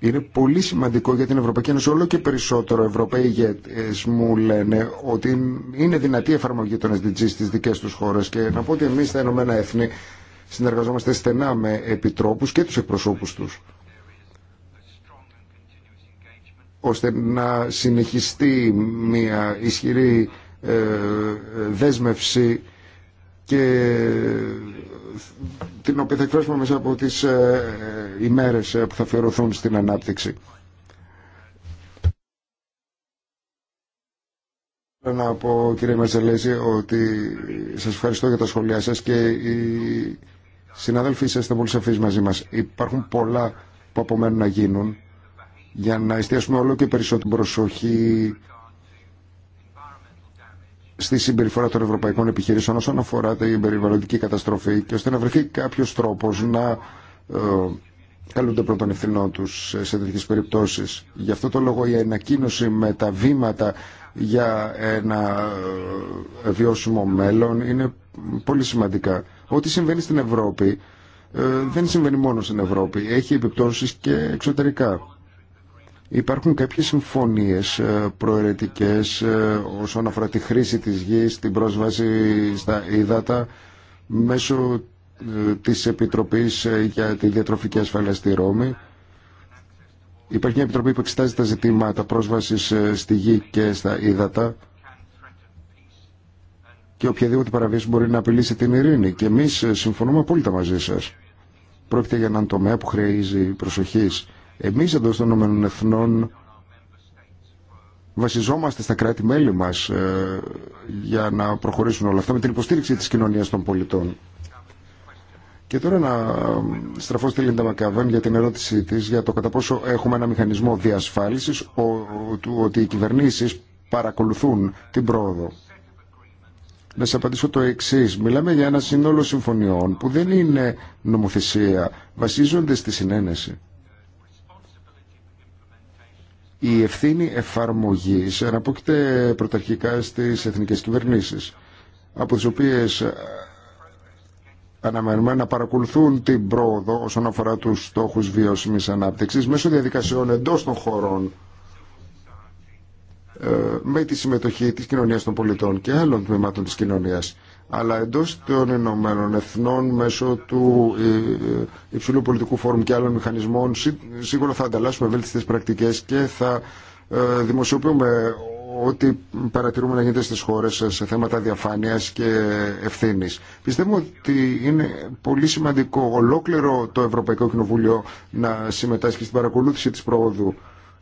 Είναι πολύ σημαντικό για την Ευρωπαϊκή Ένωση. Όλο και περισσότερο Ευρωπαίοι ηγέτε μου λένε ότι είναι δυνατή η εφαρμογή των SDG στι δικέ του χώρε. Και να πω ότι εμεί στα Ηνωμένα Έθνη συνεργαζόμαστε στενά με επιτρόπου και του εκπροσώπου του ώστε να συνεχιστεί μια ισχυρή ε, δέσμευση και ε, την οποία θα εκφράσουμε μέσα από τις ε, ημέρες που θα φερωθούν στην ανάπτυξη. Να πω κύριε Μαζελέζη, ότι σας ευχαριστώ για τα σχόλιά σας και οι συνάδελφοί σας ήταν πολύ σαφείς μαζί μας. Υπάρχουν πολλά που απομένουν να γίνουν για να εστιάσουμε όλο και περισσότερη προσοχή στη συμπεριφορά των ευρωπαϊκών επιχειρήσεων όσον αφορά την περιβαλλοντική καταστροφή και ώστε να βρεθεί κάποιο τρόπο να ε, καλούνται πρώτων ευθυνών του σε τέτοιε περιπτώσει. Γι' αυτό το λόγο η ανακοίνωση με τα βήματα για ένα ε, βιώσιμο μέλλον είναι πολύ σημαντικά. Ό,τι συμβαίνει στην Ευρώπη ε, δεν συμβαίνει μόνο στην Ευρώπη. Έχει επιπτώσει και εξωτερικά. Υπάρχουν κάποιες συμφωνίες ε, προαιρετικές ε, όσον αφορά τη χρήση της γης, την πρόσβαση στα ύδατα μέσω ε, της Επιτροπής για τη Διατροφική Ασφάλεια στη Ρώμη. Υπάρχει μια επιτροπή που εξετάζει τα ζητήματα πρόσβασης στη γη και στα ύδατα και οποιαδήποτε παραβίαση μπορεί να απειλήσει την ειρήνη. Και εμείς συμφωνούμε απόλυτα μαζί σας. Πρόκειται για έναν τομέα που χρειάζει προσοχής εμείς εντός των Εθνών βασιζόμαστε στα κράτη-μέλη μας ε, για να προχωρήσουν όλα αυτά με την υποστήριξη της κοινωνίας των πολιτών. Και τώρα να ε, στραφώ στη Λίντα Μακαβέν για την ερώτησή της για το κατά πόσο έχουμε ένα μηχανισμό διασφάλισης του ότι οι κυβερνήσεις παρακολουθούν την πρόοδο. Να σε απαντήσω το εξή. Μιλάμε για ένα σύνολο συμφωνιών που δεν είναι νομοθεσία, βασίζονται στη συνένεση η ευθύνη εφαρμογής αναπόκειται πρωταρχικά στις εθνικές κυβερνήσεις από τις οποίες ε, αναμένουμε να παρακολουθούν την πρόοδο όσον αφορά τους στόχους βιώσιμης ανάπτυξης μέσω διαδικασιών εντός των χωρών ε, με τη συμμετοχή της κοινωνίας των πολιτών και άλλων τμήματων της κοινωνίας αλλά εντός των Ηνωμένων Εθνών μέσω του ε, ε, Υψηλού Πολιτικού Φόρουμ και άλλων μηχανισμών σίγουρα θα ανταλλάσσουμε βέλτιστες πρακτικές και θα ε, δημοσιοποιούμε ό,τι παρατηρούμε να γίνεται στις χώρες σε θέματα διαφάνειας και ευθύνης. Πιστεύω ότι είναι πολύ σημαντικό ολόκληρο το Ευρωπαϊκό Κοινοβούλιο να συμμετάσχει στην παρακολούθηση της πρόοδου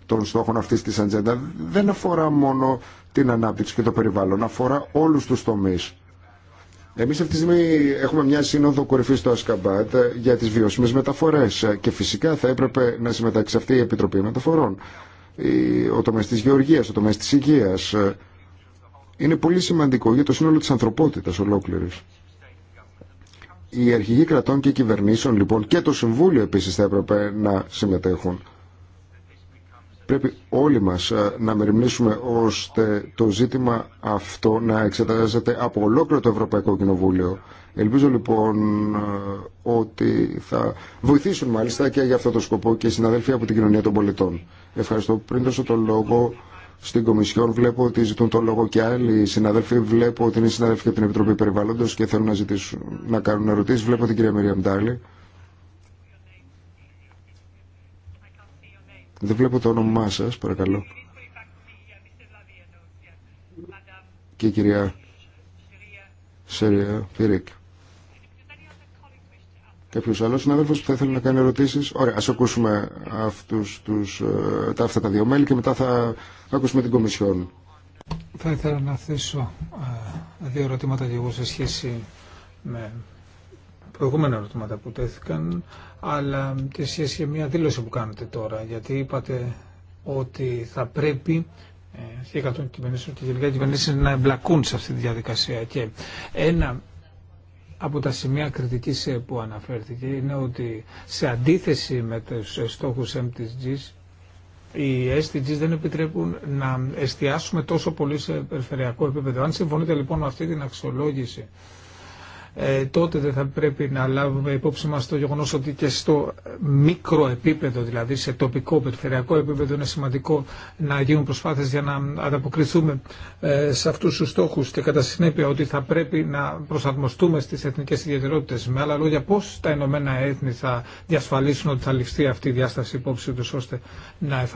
των στόχων αυτής της ατζέντα. Δεν αφορά μόνο την ανάπτυξη και το περιβάλλον, αφορά όλους τους τομείς. Εμεί αυτή τη στιγμή έχουμε μια σύνοδο κορυφή στο Ασκαμπάτ ε, για τις βιώσιμε μεταφορές ε, και φυσικά θα έπρεπε να συμμετάξει αυτή η Επιτροπή Μεταφορών. Ο τομέα τη γεωργία, ο τομέα τη Υγεία. Ε, είναι πολύ σημαντικό για το σύνολο της ανθρωπότητας ολόκληρη. Οι αρχηγοί κρατών και κυβερνήσεων λοιπόν και το Συμβούλιο επίση θα έπρεπε να συμμετέχουν. Πρέπει όλοι μας ε, να μεριμνήσουμε ώστε το ζήτημα αυτό να εξετάζεται από ολόκληρο το Ευρωπαϊκό Κοινοβούλιο. Ελπίζω λοιπόν ε, ότι θα βοηθήσουν μάλιστα και για αυτό το σκοπό και οι συναδέλφοι από την κοινωνία των πολιτών. Ευχαριστώ. Πριν δώσω το λόγο στην Κομισιόν βλέπω ότι ζητούν το λόγο και άλλοι συναδέλφοι. Βλέπω ότι είναι συναδέλφοι από την Επιτροπή Περιβαλλόντος και θέλουν να, ζητήσουν, να κάνουν ερωτήσει. Βλέπω την κυρία Μυρία Μτάλη. Δεν βλέπω το όνομά σας, παρακαλώ. Και η κυρία Σερία Φιρίκ. Κάποιο άλλο συνάδελφο που θα ήθελε να κάνει ερωτήσει. Ωραία, α ακούσουμε αυτούς τους, ε, τα, αυτά τα δύο μέλη και μετά θα ακούσουμε την Κομισιόν. Θα ήθελα να θέσω ε, δύο ερωτήματα και εγώ σε σχέση με προηγούμενα ερωτήματα που τέθηκαν, αλλά και σχέση με μια δήλωση που κάνετε τώρα, γιατί είπατε ότι θα πρέπει ε, και οι κυβερνήσεων και γενικά οι να εμπλακούν σε αυτή τη διαδικασία. Και ένα από τα σημεία κριτική ε, που αναφέρθηκε είναι ότι σε αντίθεση με του ε, στόχου MTG οι SDGs δεν επιτρέπουν να εστιάσουμε τόσο πολύ σε περιφερειακό επίπεδο. Αν συμφωνείτε λοιπόν με αυτή την αξιολόγηση ε, τότε δεν θα πρέπει να λάβουμε υπόψη μας το γεγονός ότι και στο μικρό επίπεδο, δηλαδή σε τοπικό, περιφερειακό επίπεδο είναι σημαντικό να γίνουν προσπάθειες για να ανταποκριθούμε ε, σε αυτούς τους στόχους και κατά συνέπεια ότι θα πρέπει να προσαρμοστούμε στις εθνικές ιδιαιτερότητες. Με άλλα λόγια, πώς τα Ηνωμένα Έθνη θα διασφαλίσουν ότι θα ληφθεί αυτή η διάσταση υπόψη τους ώστε να,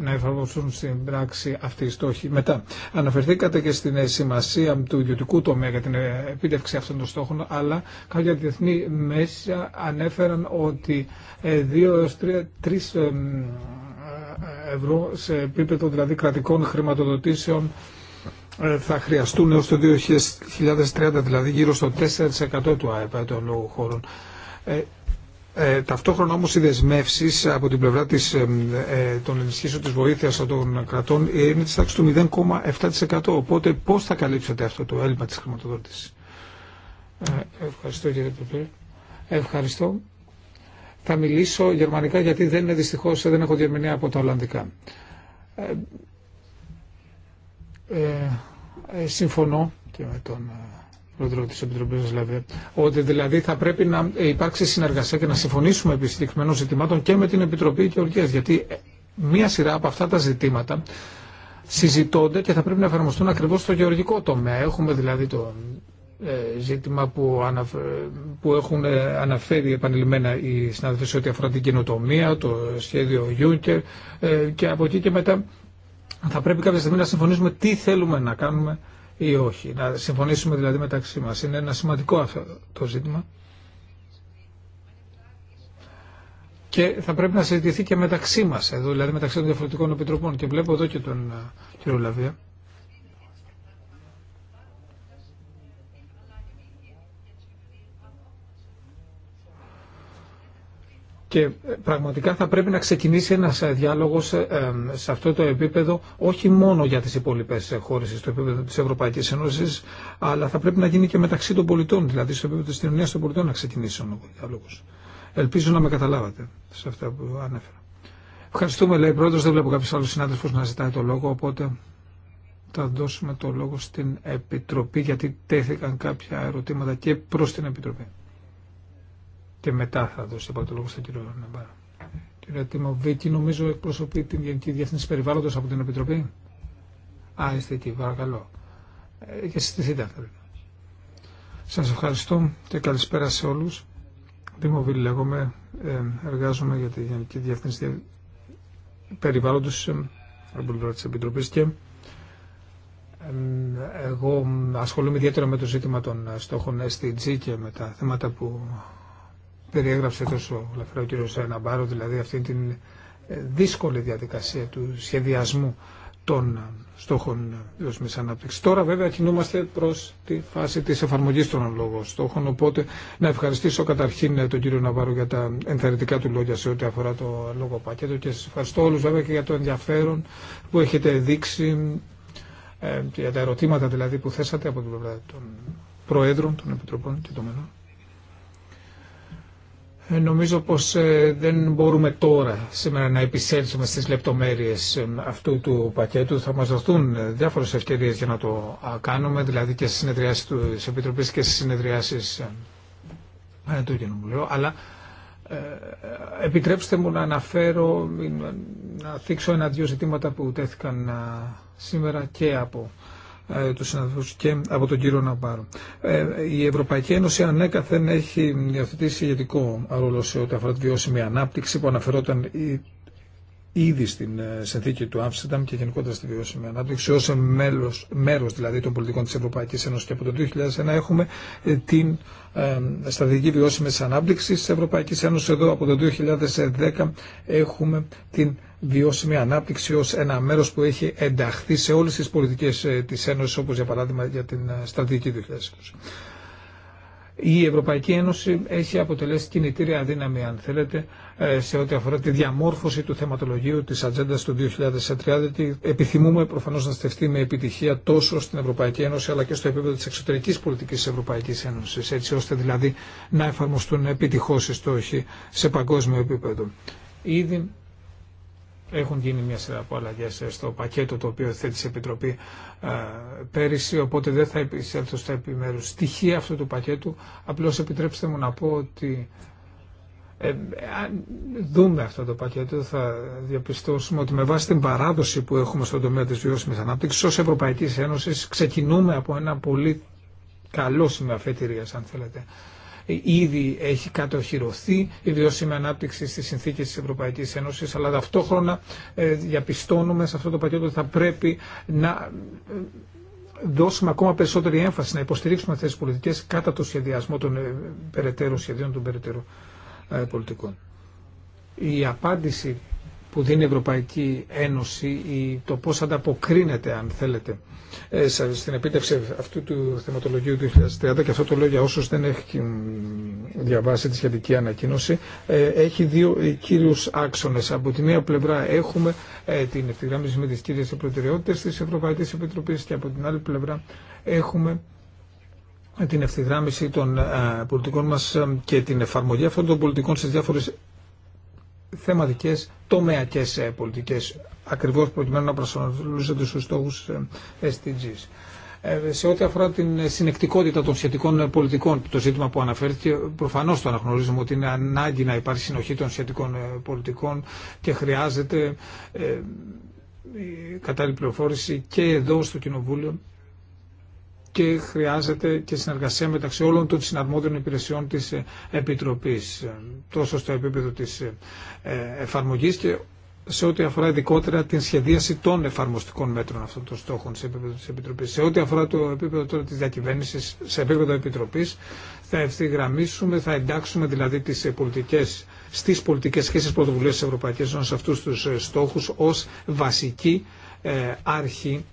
να εφαρμοστούν στην πράξη αυτή οι στόχοι. Μετά, αναφερθήκατε και στην σημασία του ιδιωτικού τομέα για την επίτευξη αυτών των στόχων αλλά κάποια διεθνή μέσα ανέφεραν ότι 2 ε, 3 ε, ε, ευρώ σε επίπεδο δηλαδή κρατικών χρηματοδοτήσεων θα χρειαστούν έως το 2030, δηλαδή γύρω στο 4% του ΑΕΠΑ, των λόγων χώρων. Ε, ταυτόχρονα όμως οι δεσμεύσει από την πλευρά της, ε, των ενισχύσεων της βοήθειας των κρατών είναι της τάξης του 0,7%. Οπότε πώς θα καλύψετε αυτό το έλλειμμα της χρηματοδότησης. Ε, ευχαριστώ κύριε Πεπέ. Ευχαριστώ. Θα μιλήσω γερμανικά γιατί δεν είναι δυστυχώς, δεν έχω διερμηνία από τα Ολλανδικά. Ε, ε, ε συμφωνώ και με τον ε, πρόεδρο τη Επιτροπή δηλαδή, ότι δηλαδή θα πρέπει να υπάρξει συνεργασία και να συμφωνήσουμε επί συγκεκριμένων ζητημάτων και με την Επιτροπή Γεωργία. Γιατί μία σειρά από αυτά τα ζητήματα συζητώνται και θα πρέπει να εφαρμοστούν ακριβώ στο γεωργικό τομέα. Έχουμε δηλαδή τον. Ε, ζήτημα που, που έχουν ε, αναφέρει επανειλημμένα οι συνάδελφοι σε ό,τι αφορά την κοινοτομία, το σχέδιο Juncker ε, και από εκεί και μετά θα πρέπει κάποια στιγμή να συμφωνήσουμε τι θέλουμε να κάνουμε ή όχι. Να συμφωνήσουμε δηλαδή μεταξύ μας. Είναι ένα σημαντικό αυτό το ζήτημα. Και θα πρέπει να συζητηθεί και μεταξύ μας εδώ, δηλαδή μεταξύ των διαφορετικών επιτροπών. Και βλέπω εδώ και τον κύριο Λαβία Και ε, πραγματικά θα πρέπει να ξεκινήσει ένας ε, διάλογος ε, σε αυτό το επίπεδο, όχι μόνο για τις υπόλοιπε χώρες στο επίπεδο της Ευρωπαϊκής Ένωσης, αλλά θα πρέπει να γίνει και μεταξύ των πολιτών, δηλαδή στο επίπεδο της κοινωνία των πολιτών να ξεκινήσει ο διάλογος. Ελπίζω να με καταλάβατε σε αυτά που ανέφερα. Ευχαριστούμε, λέει πρόεδρο. δεν βλέπω κάποιο άλλους συνάδελφου να ζητάει το λόγο, οπότε θα δώσουμε το λόγο στην Επιτροπή, γιατί τέθηκαν κάποια ερωτήματα και προ την Επιτροπή και μετά θα δώσω το λόγο στον κύριο Νεμπάρα. Κύριε Τιμοβίκη, νομίζω εκπροσωπεί την Γενική Διεύθυνση περιβάλλοντο από την Επιτροπή. Α, είστε εκεί, παρακαλώ. Ε, και συστηθείτε αν θέλετε. Σας ευχαριστώ και καλησπέρα σε όλου. Δημοβίλη λέγομαι, ε, εργάζομαι για τη Γενική Διεύθυνση Περιβάλλοντος ε, από την Επιτροπή. και ε, εγώ ασχολούμαι ιδιαίτερα με το ζήτημα των στόχων SDG και με τα θέματα που περιέγραψε τόσο λαφρά ο κύριος Ναμπάρο, δηλαδή αυτή την ε, δύσκολη διαδικασία του σχεδιασμού των ε, στόχων βιώσιμης ανάπτυξης. Τώρα βέβαια κινούμαστε προς τη φάση της εφαρμογής των λόγων στόχων, οπότε να ευχαριστήσω καταρχήν ε, τον κύριο Ναβάρο για τα ενθαρρυντικά του λόγια σε ό,τι αφορά το λόγο πακέτο και σας ευχαριστώ όλους βέβαια και για το ενδιαφέρον που έχετε δείξει και για τα ερωτήματα δηλαδή που θέσατε από την πλευρά των Προέδρων, των Επιτροπών και των Μενών. Ε, νομίζω πως ε, δεν μπορούμε τώρα σήμερα να επισέλθουμε στις λεπτομέρειες ε, αυτού του πακέτου. Θα μας δοθούν διάφορες ευκαιρίες για να το κάνουμε, δηλαδή και στις συνεδριάσεις της Επιτροπής και στις συνεδριάσεις του Κοινοβουλίου. Αλλά επιτρέψτε μου να αναφέρω, να θίξω ένα-δυο ζητήματα που τέθηκαν σήμερα και από ε, του συναδέλφου και από τον κύριο Ναμπάρο. Ε, η Ευρωπαϊκή Ένωση ανέκαθεν έχει διαθετήσει ηγετικό ρόλο σε ό,τι αφορά τη βιώσιμη ανάπτυξη που αναφερόταν ήδη στην ε, συνθήκη του Άμστερνταμ και γενικότερα στη βιώσιμη ανάπτυξη ως μέρο δηλαδή των πολιτικών τη Ευρωπαϊκή Ένωση. και από το 2001 έχουμε την ε, στρατηγική βιώσιμη ανάπτυξη της Ευρωπαϊκής Ένωσης εδώ από το 2010 έχουμε την βιώσιμη ανάπτυξη ως ένα μέρος που έχει ενταχθεί σε όλες τις πολιτικές ε, της Ένωσης, όπως για παράδειγμα για την ε, στρατηγική 2020. Η Ευρωπαϊκή Ένωση έχει αποτελέσει κινητήρια δύναμη, αν θέλετε, ε, σε ό,τι αφορά τη διαμόρφωση του θεματολογίου της ατζέντα του 2030 και επιθυμούμε προφανώς να στεφτεί με επιτυχία τόσο στην Ευρωπαϊκή Ένωση αλλά και στο επίπεδο της εξωτερικής πολιτικής της Ευρωπαϊκής Ένωσης, έτσι ώστε δηλαδή να εφαρμοστούν επιτυχώς οι στόχοι σε παγκόσμιο επίπεδο. Ήδη έχουν γίνει μια σειρά από αλλαγέ στο πακέτο το οποίο θέτησε η Επιτροπή ε, πέρυσι, οπότε δεν θα επισέλθω στα επιμέρου στοιχεία αυτού του πακέτου. Απλώ επιτρέψτε μου να πω ότι ε, αν δούμε αυτό το πακέτο θα διαπιστώσουμε ότι με βάση την παράδοση που έχουμε στον τομέα της βιώσιμης ανάπτυξης ως Ευρωπαϊκής Ένωσης ξεκινούμε από ένα πολύ καλό σημείο αφετηρίας αν θέλετε ήδη έχει κατοχυρωθεί η βιώσιμη ανάπτυξη στις συνθήκες της Ευρωπαϊκής Ένωσης, αλλά ταυτόχρονα ε, διαπιστώνουμε σε αυτό το πακέτο ότι θα πρέπει να ε, δώσουμε ακόμα περισσότερη έμφαση, να υποστηρίξουμε αυτές τις πολιτικές κατά το σχεδιασμό των ε, περαιτέρω σχεδίων των περαιτέρω πολιτικών. Η απάντηση που δίνει η Ευρωπαϊκή Ένωση ή το πώς ανταποκρίνεται, αν θέλετε, ε, στην επίτευξη αυτού του θεματολογίου του 2030 και αυτό το λέω για όσους δεν έχει διαβάσει τη σχετική ανακοίνωση ε, έχει δύο κύριους άξονες από τη μία πλευρά έχουμε ε, την ευθυγράμμιση με τις κύριες προτεραιότητες της Ευρωπαϊκής Επιτροπής και από την άλλη πλευρά έχουμε την ευθυγράμμιση των πολιτικών μας και την εφαρμογή αυτών των πολιτικών στις διάφορες θεματικές τομεακές ε, πολιτικές ακριβώς προκειμένου να προσανατολίζονται στους στόχους ε, SDGs. Ε, σε ό,τι αφορά την συνεκτικότητα των σχετικών πολιτικών, το ζήτημα που αναφέρθηκε, προφανώ το αναγνωρίζουμε ότι είναι ανάγκη να υπάρχει συνοχή των σχετικών πολιτικών και χρειάζεται κατάλληλη πληροφόρηση και εδώ στο Κοινοβούλιο και χρειάζεται και συνεργασία μεταξύ όλων των συναρμόδιων υπηρεσιών της ε, Επιτροπής, ε, τόσο στο επίπεδο της ε, εφαρμογής και σε ό,τι αφορά ειδικότερα την σχεδίαση των εφαρμοστικών μέτρων αυτών των στόχων σε επίπεδο της Επιτροπής. Σε ό,τι αφορά το επίπεδο τώρα της διακυβέρνησης, σε επίπεδο Επιτροπής, θα ευθυγραμμίσουμε, θα εντάξουμε δηλαδή τις πολιτικές, στις πολιτικές και στις πρωτοβουλίες της Ευρωπαϊκής Ένωσης αυτούς τους στόχους ως βασική αρχή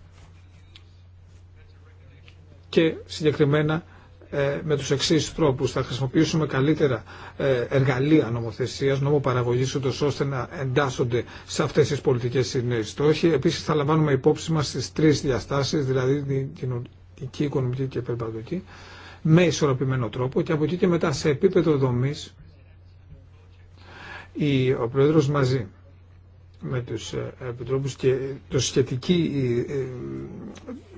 και συγκεκριμένα ε, με τους εξής τρόπους. Θα χρησιμοποιήσουμε καλύτερα ε, εργαλεία νομοθεσίας, νόμο παραγωγής, ούτως ώστε να εντάσσονται σε αυτές τις πολιτικές συνέσεις. Όχι. Επίσης θα λαμβάνουμε υπόψη μας τις τρεις διαστάσεις, δηλαδή την κοινωνική, οικονομική και περιβαλλοντική, με ισορροπημένο τρόπο και από εκεί και μετά σε επίπεδο δομής ο Πρόεδρος μαζί με τους ε, επιτρόπους και το σχετική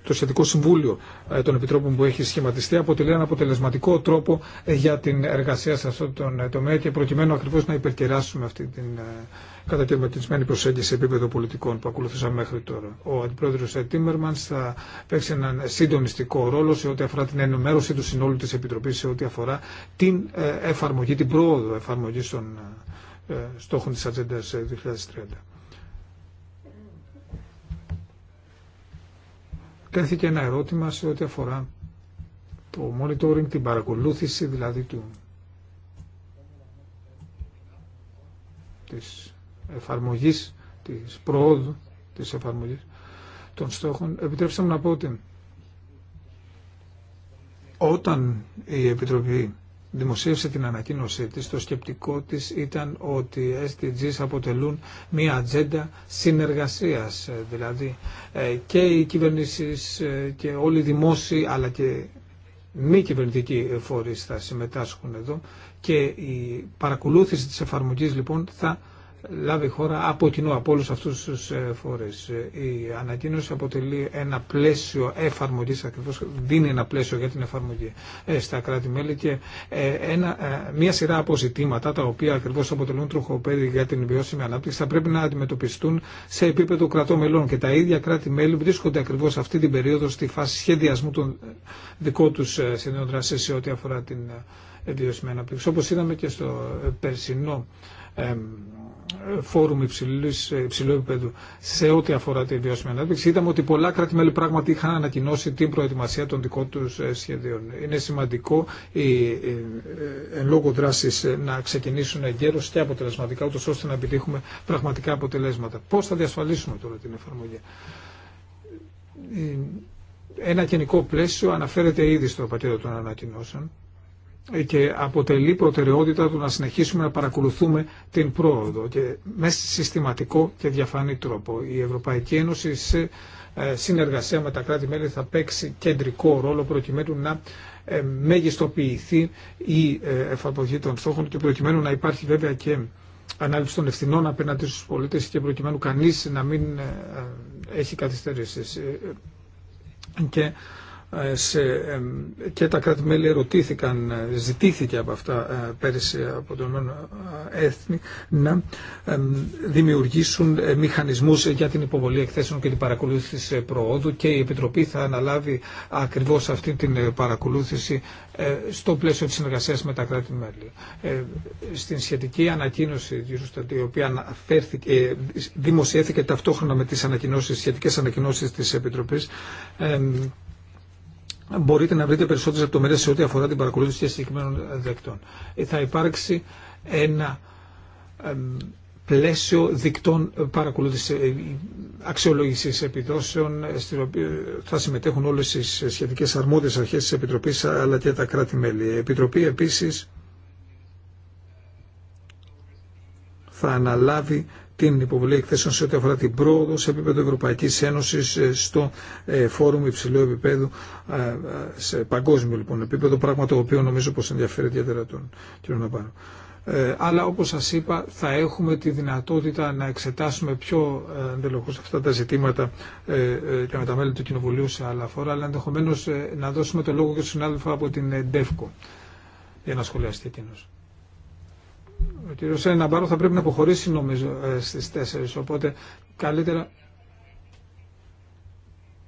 το σχετικό συμβούλιο ε, των επιτρόπων που έχει σχηματιστεί αποτελεί ένα αποτελεσματικό τρόπο ε, για την εργασία σε αυτό το ε, τομέα και προκειμένου ακριβώς να υπερκεράσουμε αυτή την κατακαιρματισμένη προσέγγιση σε επίπεδο πολιτικών που ακολουθούσαμε μέχρι τώρα. Ο αντιπρόεδρος Τίμερμαν θα παίξει έναν συντονιστικό ρόλο σε ό,τι αφορά την ενημέρωση του συνόλου τη Επιτροπή σε ό,τι αφορά την εφαρμογή, την πρόοδο εφαρμογή των στόχων τη Ατζέντα 2030. τέθηκε ένα ερώτημα σε ό,τι αφορά το monitoring, την παρακολούθηση δηλαδή του της εφαρμογής, της προόδου της εφαρμογής των στόχων. Επιτρέψτε να πω ότι όταν η Επιτροπή δημοσίευσε την ανακοίνωσή της, το σκεπτικό της ήταν ότι οι SDGs αποτελούν μια ατζέντα συνεργασίας, ε, δηλαδή ε, και οι κυβερνήσεις ε, και όλοι οι δημόσιοι αλλά και μη κυβερνητικοί φορείς θα συμμετάσχουν εδώ και η παρακολούθηση της εφαρμογής λοιπόν θα λάβει χώρα από κοινού, από όλου αυτού του ε, φορέ. Ε, η ανακοίνωση αποτελεί ένα πλαίσιο εφαρμογή, ακριβώ δίνει ένα πλαίσιο για την εφαρμογή ε, στα κράτη-μέλη και ένα, μια σειρά από τα οποία ακριβώ αποτελούν τροχοπέδι για την βιώσιμη ανάπτυξη, θα πρέπει να αντιμετωπιστούν σε επίπεδο κρατών μελών. Και τα ίδια κράτη-μέλη βρίσκονται ακριβώ αυτή την περίοδο στη φάση σχεδιασμού των δικών του συνέδρων σε ό,τι αφορά την βιώσιμη ανάπτυξη. Όπω είδαμε και στο περσινό φόρουμ ε, υψηλού επίπεδου σε ό,τι αφορά τη βιώσιμη ανάπτυξη, είδαμε ότι πολλά κράτη-μέλη πράγματι είχαν ανακοινώσει την προετοιμασία των δικών του ε, σχεδίων. Είναι σημαντικό οι ε, εν λόγω δράσει να ξεκινήσουν εγκαίρω και αποτελεσματικά, ούτω ώστε να επιτύχουμε πραγματικά αποτελέσματα. Πώ θα διασφαλίσουμε τώρα την εφαρμογή. Ένα γενικό πλαίσιο αναφέρεται ήδη στο πακέτο των ανακοινώσεων και αποτελεί προτεραιότητα του να συνεχίσουμε να παρακολουθούμε την πρόοδο και με συστηματικό και διαφανή τρόπο. Η Ευρωπαϊκή Ένωση σε ε, συνεργασία με τα κράτη-μέλη θα παίξει κεντρικό ρόλο προκειμένου να ε, μεγιστοποιηθεί η ε, εφαρμογή των στόχων και προκειμένου να υπάρχει βέβαια και ανάληψη των ευθυνών απέναντι στους πολίτες και προκειμένου κανείς να μην έχει καθυστερήσεις. Ε, και τα κράτη-μέλη ερωτήθηκαν, ε, ζητήθηκε από αυτά ε, πέρυσι από τον Έθνη να δημιουργήσουν μηχανισμούς για την υποβολή εκθέσεων και την παρακολούθηση προόδου και η Επιτροπή θα αναλάβει ακριβώς αυτή την παρακολούθηση στο πλαίσιο της συνεργασίας με τα κράτη-μέλη. Στην σχετική ανακοίνωση, η οποία αναφέρθηκε, δημοσιεύθηκε ταυτόχρονα με τις ανακοινώσεις, σχετικές ανακοινώσεις της Επιτροπής, μπορείτε να βρείτε περισσότερες λεπτομέρειες σε ό,τι αφορά την παρακολούθηση συγκεκριμένων δεκτών. Ε, θα υπάρξει ένα πλαίσιο δικτών παρακολούθηση ε, αξιολόγηση επιδόσεων, ε, στην οποία θα συμμετέχουν όλε οι σχετικέ αρμόδιε αρχέ τη Επιτροπή αλλά και τα κράτη-μέλη. Η Επιτροπή επίση θα αναλάβει την υποβολή εκθέσεων σε ό,τι αφορά την πρόοδο σε επίπεδο Ευρωπαϊκής Ένωσης ε, στο ε, φόρουμ υψηλού επίπεδου ε, σε παγκόσμιο λοιπόν επίπεδο, πράγμα το οποίο νομίζω πω ενδιαφέρει ιδιαίτερα τον κύριο Ναπάνο. Ε, αλλά όπως σας είπα θα έχουμε τη δυνατότητα να εξετάσουμε πιο εντελώς αυτά τα ζητήματα ε, ε, και με τα μέλη του Κοινοβουλίου σε άλλα φορά, αλλά ενδεχομένω να δώσουμε το λόγο και στον συνάδελφο από την ΔΕΦΚΟ για να σχολιάσει εκείνος ο Σένα Ναμπάρο θα πρέπει να αποχωρήσει νομίζω ε, στις 4, οπότε καλύτερα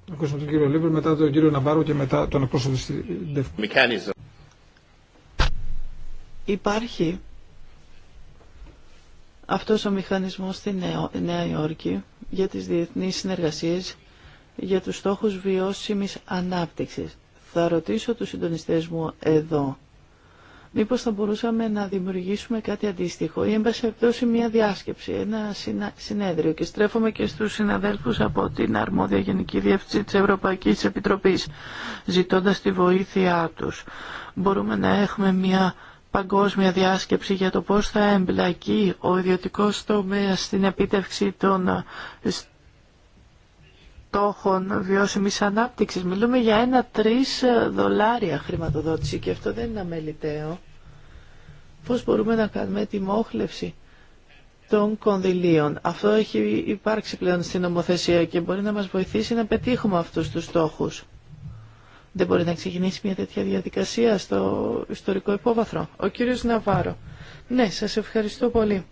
να ακούσουμε τον κύριο Λίβερ, μετά τον κύριο Ναμπάρο και μετά τον εκπρόσωπο της ΔΕΦΚΟ. Υπάρχει αυτός ο μηχανισμός στη Νέα Υόρκη για τις διεθνείς συνεργασίες για τους στόχους βιώσιμης ανάπτυξης. Θα ρωτήσω τους συντονιστές μου εδώ Μήπως θα μπορούσαμε να δημιουργήσουμε κάτι αντίστοιχο ή εν πάση μια διάσκεψη, ένα συνέδριο και στρέφομαι και στους συναδέλφους από την Αρμόδια Γενική Διεύθυνση της Ευρωπαϊκής Επιτροπής ζητώντας τη βοήθειά τους. Μπορούμε να έχουμε μια παγκόσμια διάσκεψη για το πώς θα εμπλακεί ο ιδιωτικός τομέας στην επίτευξη των στόχων βιώσιμης ανάπτυξης. Μιλούμε για ένα τρεις δολάρια χρηματοδότηση και αυτό δεν είναι αμεληταίο. Πώς μπορούμε να κάνουμε τη μόχλευση των κονδυλίων. Αυτό έχει υπάρξει πλέον στην νομοθεσία και μπορεί να μας βοηθήσει να πετύχουμε αυτούς τους στόχους. Δεν μπορεί να ξεκινήσει μια τέτοια διαδικασία στο ιστορικό υπόβαθρο. Ο κύριος Ναβάρο. Ναι, σας ευχαριστώ πολύ.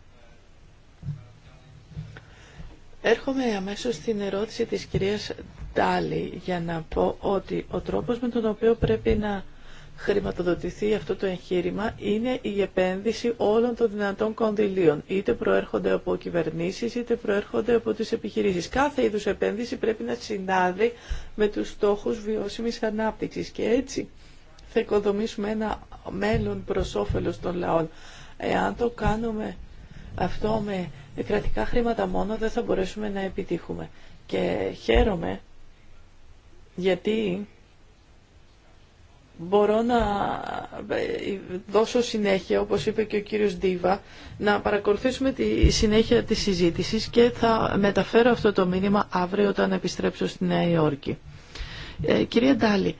Έρχομαι αμέσως στην ερώτηση της κυρίας Τάλη για να πω ότι ο τρόπος με τον οποίο πρέπει να χρηματοδοτηθεί αυτό το εγχείρημα είναι η επένδυση όλων των δυνατών κονδυλίων. Είτε προέρχονται από κυβερνήσεις, είτε προέρχονται από τις επιχειρήσεις. Κάθε είδους επένδυση πρέπει να συνάδει με τους στόχους βιώσιμης ανάπτυξης και έτσι θα οικοδομήσουμε ένα μέλλον προς όφελος των λαών. Εάν το κάνουμε αυτό με κρατικά χρήματα μόνο δεν θα μπορέσουμε να επιτύχουμε. Και χαίρομαι γιατί μπορώ να ε, δώσω συνέχεια, όπως είπε και ο κύριος Ντίβα, να παρακολουθήσουμε τη συνέχεια της συζήτησης και θα μεταφέρω αυτό το μήνυμα αύριο όταν επιστρέψω στη Νέα Υόρκη. Ε, κυρία Ντάλη,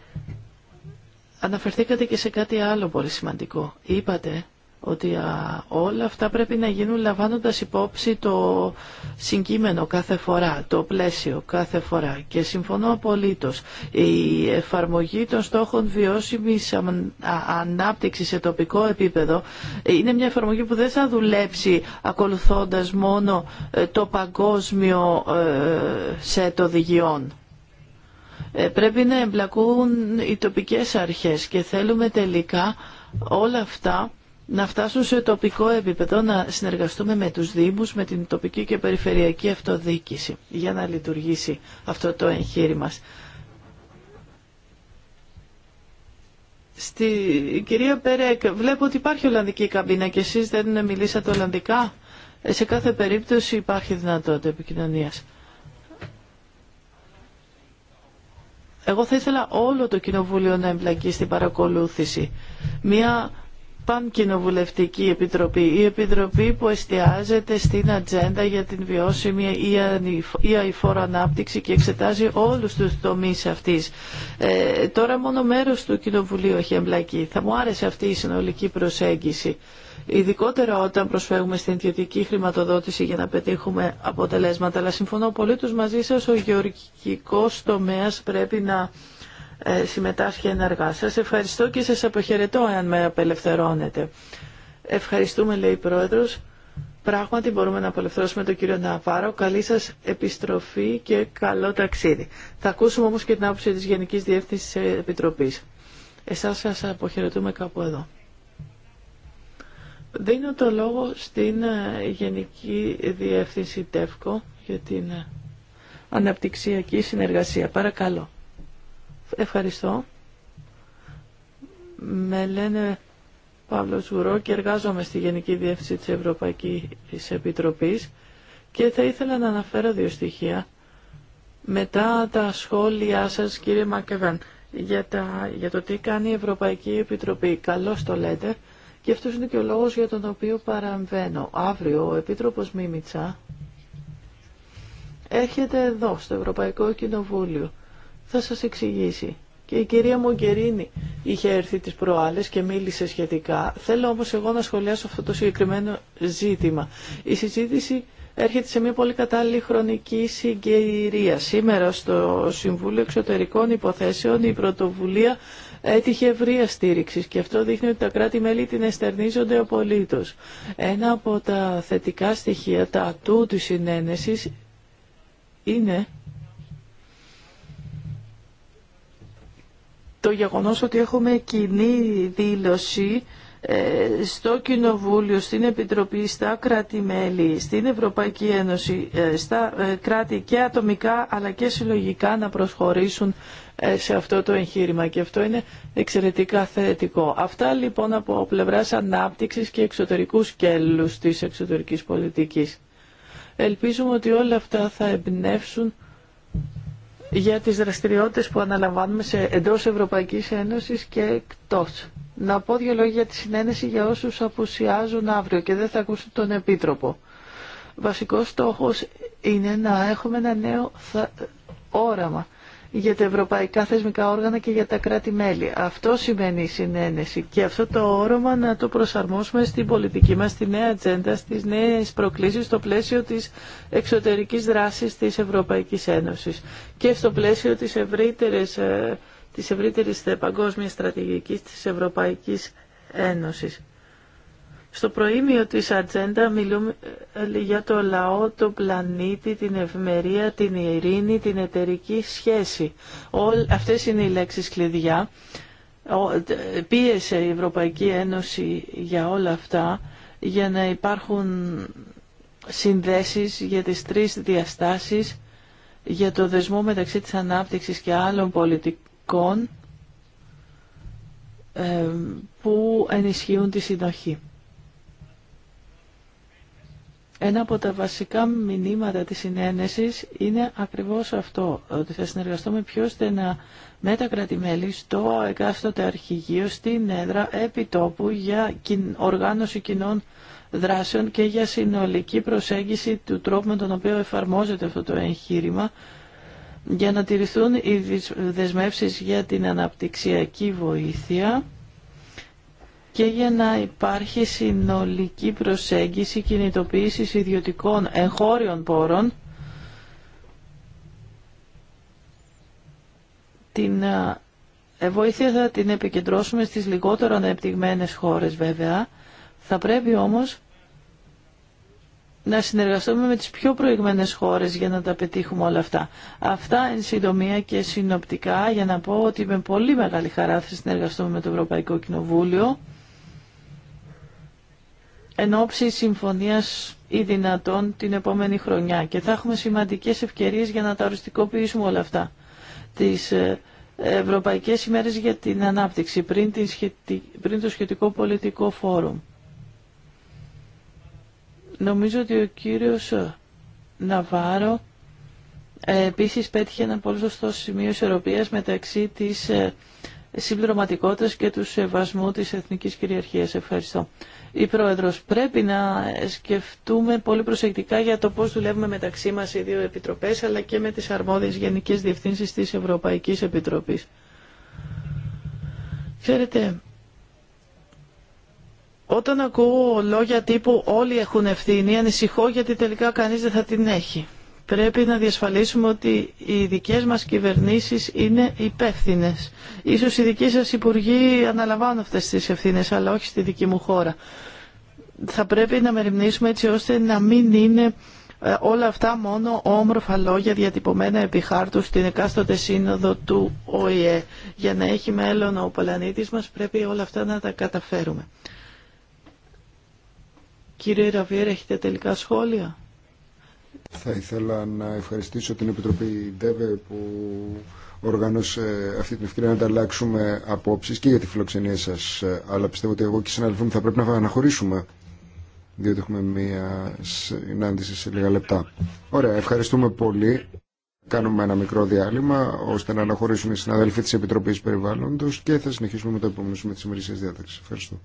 αναφερθήκατε και σε κάτι άλλο πολύ σημαντικό. Είπατε ότι α, όλα αυτά πρέπει να γίνουν λαμβάνοντας υπόψη το συγκείμενο κάθε φορά, το πλαίσιο κάθε φορά. Και συμφωνώ απολύτως. Η εφαρμογή των στόχων βιώσιμης ανάπτυξης σε τοπικό επίπεδο είναι μια εφαρμογή που δεν θα δουλέψει ακολουθώντας μόνο ε, το παγκόσμιο ε, σετ οδηγιών. Ε, πρέπει να εμπλακούν οι τοπικές αρχές και θέλουμε τελικά όλα αυτά να φτάσουν σε τοπικό επίπεδο, να συνεργαστούμε με τους Δήμους, με την τοπική και περιφερειακή αυτοδιοίκηση για να λειτουργήσει αυτό το εγχείρημα. Στη κυρία Περέκ, βλέπω ότι υπάρχει Ολλανδική καμπίνα και εσείς δεν μιλήσατε Ολλανδικά. Ε, σε κάθε περίπτωση υπάρχει δυνατότητα επικοινωνίας. Εγώ θα ήθελα όλο το Κοινοβούλιο να εμπλακεί στην παρακολούθηση. Μία Πανκοινοβουλευτική Επιτροπή, η Επιτροπή που εστιάζεται στην ατζέντα για την βιώσιμη ή αηφόρο ανάπτυξη και εξετάζει όλους τους τομείς αυτής. Ε, τώρα μόνο μέρος του Κοινοβουλίου έχει εμπλακεί. Θα μου άρεσε αυτή η συνολική προσέγγιση. Ειδικότερα όταν προσφέρουμε στην ιδιωτική χρηματοδότηση για να πετύχουμε αποτελέσματα. Αλλά συμφωνώ πολύ τους μαζί σας, ο γεωργικός τομέας πρέπει να ε, συμμετάσχει ενεργά. Σας ευχαριστώ και σας αποχαιρετώ αν με απελευθερώνετε. Ευχαριστούμε, λέει η Πρόεδρος. Πράγματι μπορούμε να απελευθερώσουμε τον κύριο Ναβάρο. Καλή σας επιστροφή και καλό ταξίδι. Θα ακούσουμε όμως και την άποψη της Γενικής Διεύθυνσης Επιτροπής. Εσάς σας αποχαιρετούμε κάπου εδώ. Δίνω το λόγο στην ε, Γενική Διεύθυνση ΤΕΦΚΟ για την ε, αναπτυξιακή συνεργασία. Παρακαλώ. Ευχαριστώ. Με λένε Παύλος Γουρό και εργάζομαι στη Γενική Διεύθυνση της Ευρωπαϊκής Επιτροπής και θα ήθελα να αναφέρω δύο στοιχεία. Μετά τα σχόλιά σας, κύριε Μακεβάν, για, για το τι κάνει η Ευρωπαϊκή Επιτροπή, καλώς το λέτε, και αυτός είναι και ο λόγος για τον οποίο παραμβαίνω. Αύριο ο Επίτροπος Μίμητσα έρχεται εδώ, στο Ευρωπαϊκό Κοινοβούλιο θα σας εξηγήσει. Και η κυρία Μογκερίνη είχε έρθει τις προάλλες και μίλησε σχετικά. Θέλω όμως εγώ να σχολιάσω αυτό το συγκεκριμένο ζήτημα. Η συζήτηση έρχεται σε μια πολύ κατάλληλη χρονική συγκαιρία. Σήμερα στο Συμβούλιο Εξωτερικών Υποθέσεων η πρωτοβουλία έτυχε ευρεία στήριξη και αυτό δείχνει ότι τα κράτη-μέλη την εστερνίζονται απολύτω. Ένα από τα θετικά στοιχεία, τα ατού τη συνένεση είναι το γεγονός ότι έχουμε κοινή δήλωση ε, στο Κοινοβούλιο, στην Επιτροπή, στα κράτη-μέλη, στην Ευρωπαϊκή Ένωση, ε, στα ε, κράτη και ατομικά αλλά και συλλογικά να προσχωρήσουν σε αυτό το εγχείρημα και αυτό είναι εξαιρετικά θετικό. Αυτά λοιπόν από πλευράς ανάπτυξης και εξωτερικού σκέλους της εξωτερικής πολιτικής. Ελπίζουμε ότι όλα αυτά θα εμπνεύσουν για τις δραστηριότητες που αναλαμβάνουμε σε, εντός Ευρωπαϊκής Ένωσης και εκτός. Να πω δύο λόγια για τη συνένεση για όσους απουσιάζουν αύριο και δεν θα ακούσουν τον Επίτροπο. Βασικός στόχος είναι να έχουμε ένα νέο όραμα για τα ευρωπαϊκά θεσμικά όργανα και για τα κράτη-μέλη. Αυτό σημαίνει η συνένεση και αυτό το όρομα να το προσαρμόσουμε στην πολιτική μας, στη νέα ατζέντα, στις νέες προκλήσεις στο πλαίσιο της εξωτερικής δράσης της Ευρωπαϊκής Ένωσης και στο πλαίσιο της ευρύτερης, ε, της ευρύτερης παγκόσμιας στρατηγικής της Ευρωπαϊκής Ένωσης. Στο προήμιο της ατζέντα μιλούμε ε, για το λαό, το πλανήτη, την ευμερία, την ειρήνη, την εταιρική σχέση. Όλ, αυτές είναι οι λέξεις κλειδιά. Πίεσε η Ευρωπαϊκή Ένωση για όλα αυτά, για να υπάρχουν συνδέσεις για τις τρεις διαστάσεις, για το δεσμό μεταξύ της ανάπτυξης και άλλων πολιτικών ε, που ενισχύουν τη συνοχή. Ένα από τα βασικά μηνύματα της συνένεσης είναι ακριβώς αυτό, ότι θα συνεργαστούμε πιο στενά με τα κρατημέλη στο εκάστοτε αρχηγείο, στην έδρα, επιτόπου για οργάνωση κοινών δράσεων και για συνολική προσέγγιση του τρόπου με τον οποίο εφαρμόζεται αυτό το εγχείρημα για να τηρηθούν οι δεσμεύσεις για την αναπτυξιακή βοήθεια και για να υπάρχει συνολική προσέγγιση κινητοποίησης ιδιωτικών εγχώριων πόρων την ε, βοήθεια θα την επικεντρώσουμε στις λιγότερο ανεπτυγμένες χώρες βέβαια θα πρέπει όμως να συνεργαστούμε με τις πιο προηγμένες χώρες για να τα πετύχουμε όλα αυτά. Αυτά εν συντομία και συνοπτικά για να πω ότι με πολύ μεγάλη χαρά θα συνεργαστούμε με το Ευρωπαϊκό Κοινοβούλιο εν ώψη συμφωνίας ή δυνατόν την επόμενη χρονιά και θα έχουμε σημαντικές ευκαιρίες για να τα οριστικοποιήσουμε όλα αυτά. Τις ε, Ευρωπαϊκές ημέρες για την ανάπτυξη πριν, το σχετικό πολιτικό φόρουμ. Νομίζω ότι ο κύριος ε, Ναβάρο ε, επίσης πέτυχε ένα πολύ σωστό σημείο ισορροπίας μεταξύ της συμπληρωματικότητας και του σεβασμού της εθνικής κυριαρχίας. Ευχαριστώ. Η Πρόεδρος, πρέπει να σκεφτούμε πολύ προσεκτικά για το πώς δουλεύουμε μεταξύ μας οι δύο επιτροπές, αλλά και με τις αρμόδιες γενικές διευθύνσεις της Ευρωπαϊκής Επιτροπής. Ξέρετε, όταν ακούω λόγια τύπου όλοι έχουν ευθύνη, ανησυχώ γιατί τελικά κανείς δεν θα την έχει. Πρέπει να διασφαλίσουμε ότι οι δικές μας κυβερνήσεις είναι υπεύθυνε. Ίσως οι δικοί σας υπουργοί αναλαμβάνουν αυτές τις ευθύνε, αλλά όχι στη δική μου χώρα. Θα πρέπει να μεριμνήσουμε έτσι ώστε να μην είναι ε, όλα αυτά μόνο όμορφα λόγια διατυπωμένα επί χάρτου στην εκάστοτε σύνοδο του ΟΗΕ. Για να έχει μέλλον ο πλανήτη μας πρέπει όλα αυτά να τα καταφέρουμε. Κύριε Ραβιέρ, έχετε τελικά σχόλια. Θα ήθελα να ευχαριστήσω την Επιτροπή ΔΕΒΕ που οργάνωσε αυτή την ευκαιρία να ανταλλάξουμε απόψεις και για τη φιλοξενία σας. Αλλά πιστεύω ότι εγώ και οι συναδελφοί μου θα πρέπει να αναχωρήσουμε διότι έχουμε μία συνάντηση σε λίγα λεπτά. Ωραία, ευχαριστούμε πολύ. Κάνουμε ένα μικρό διάλειμμα ώστε να αναχωρήσουν οι συναδέλφοι της Επιτροπής Περιβάλλοντος και θα συνεχίσουμε με το επόμενο σημείο της ημερησίας διάταξης. Ευχαριστώ.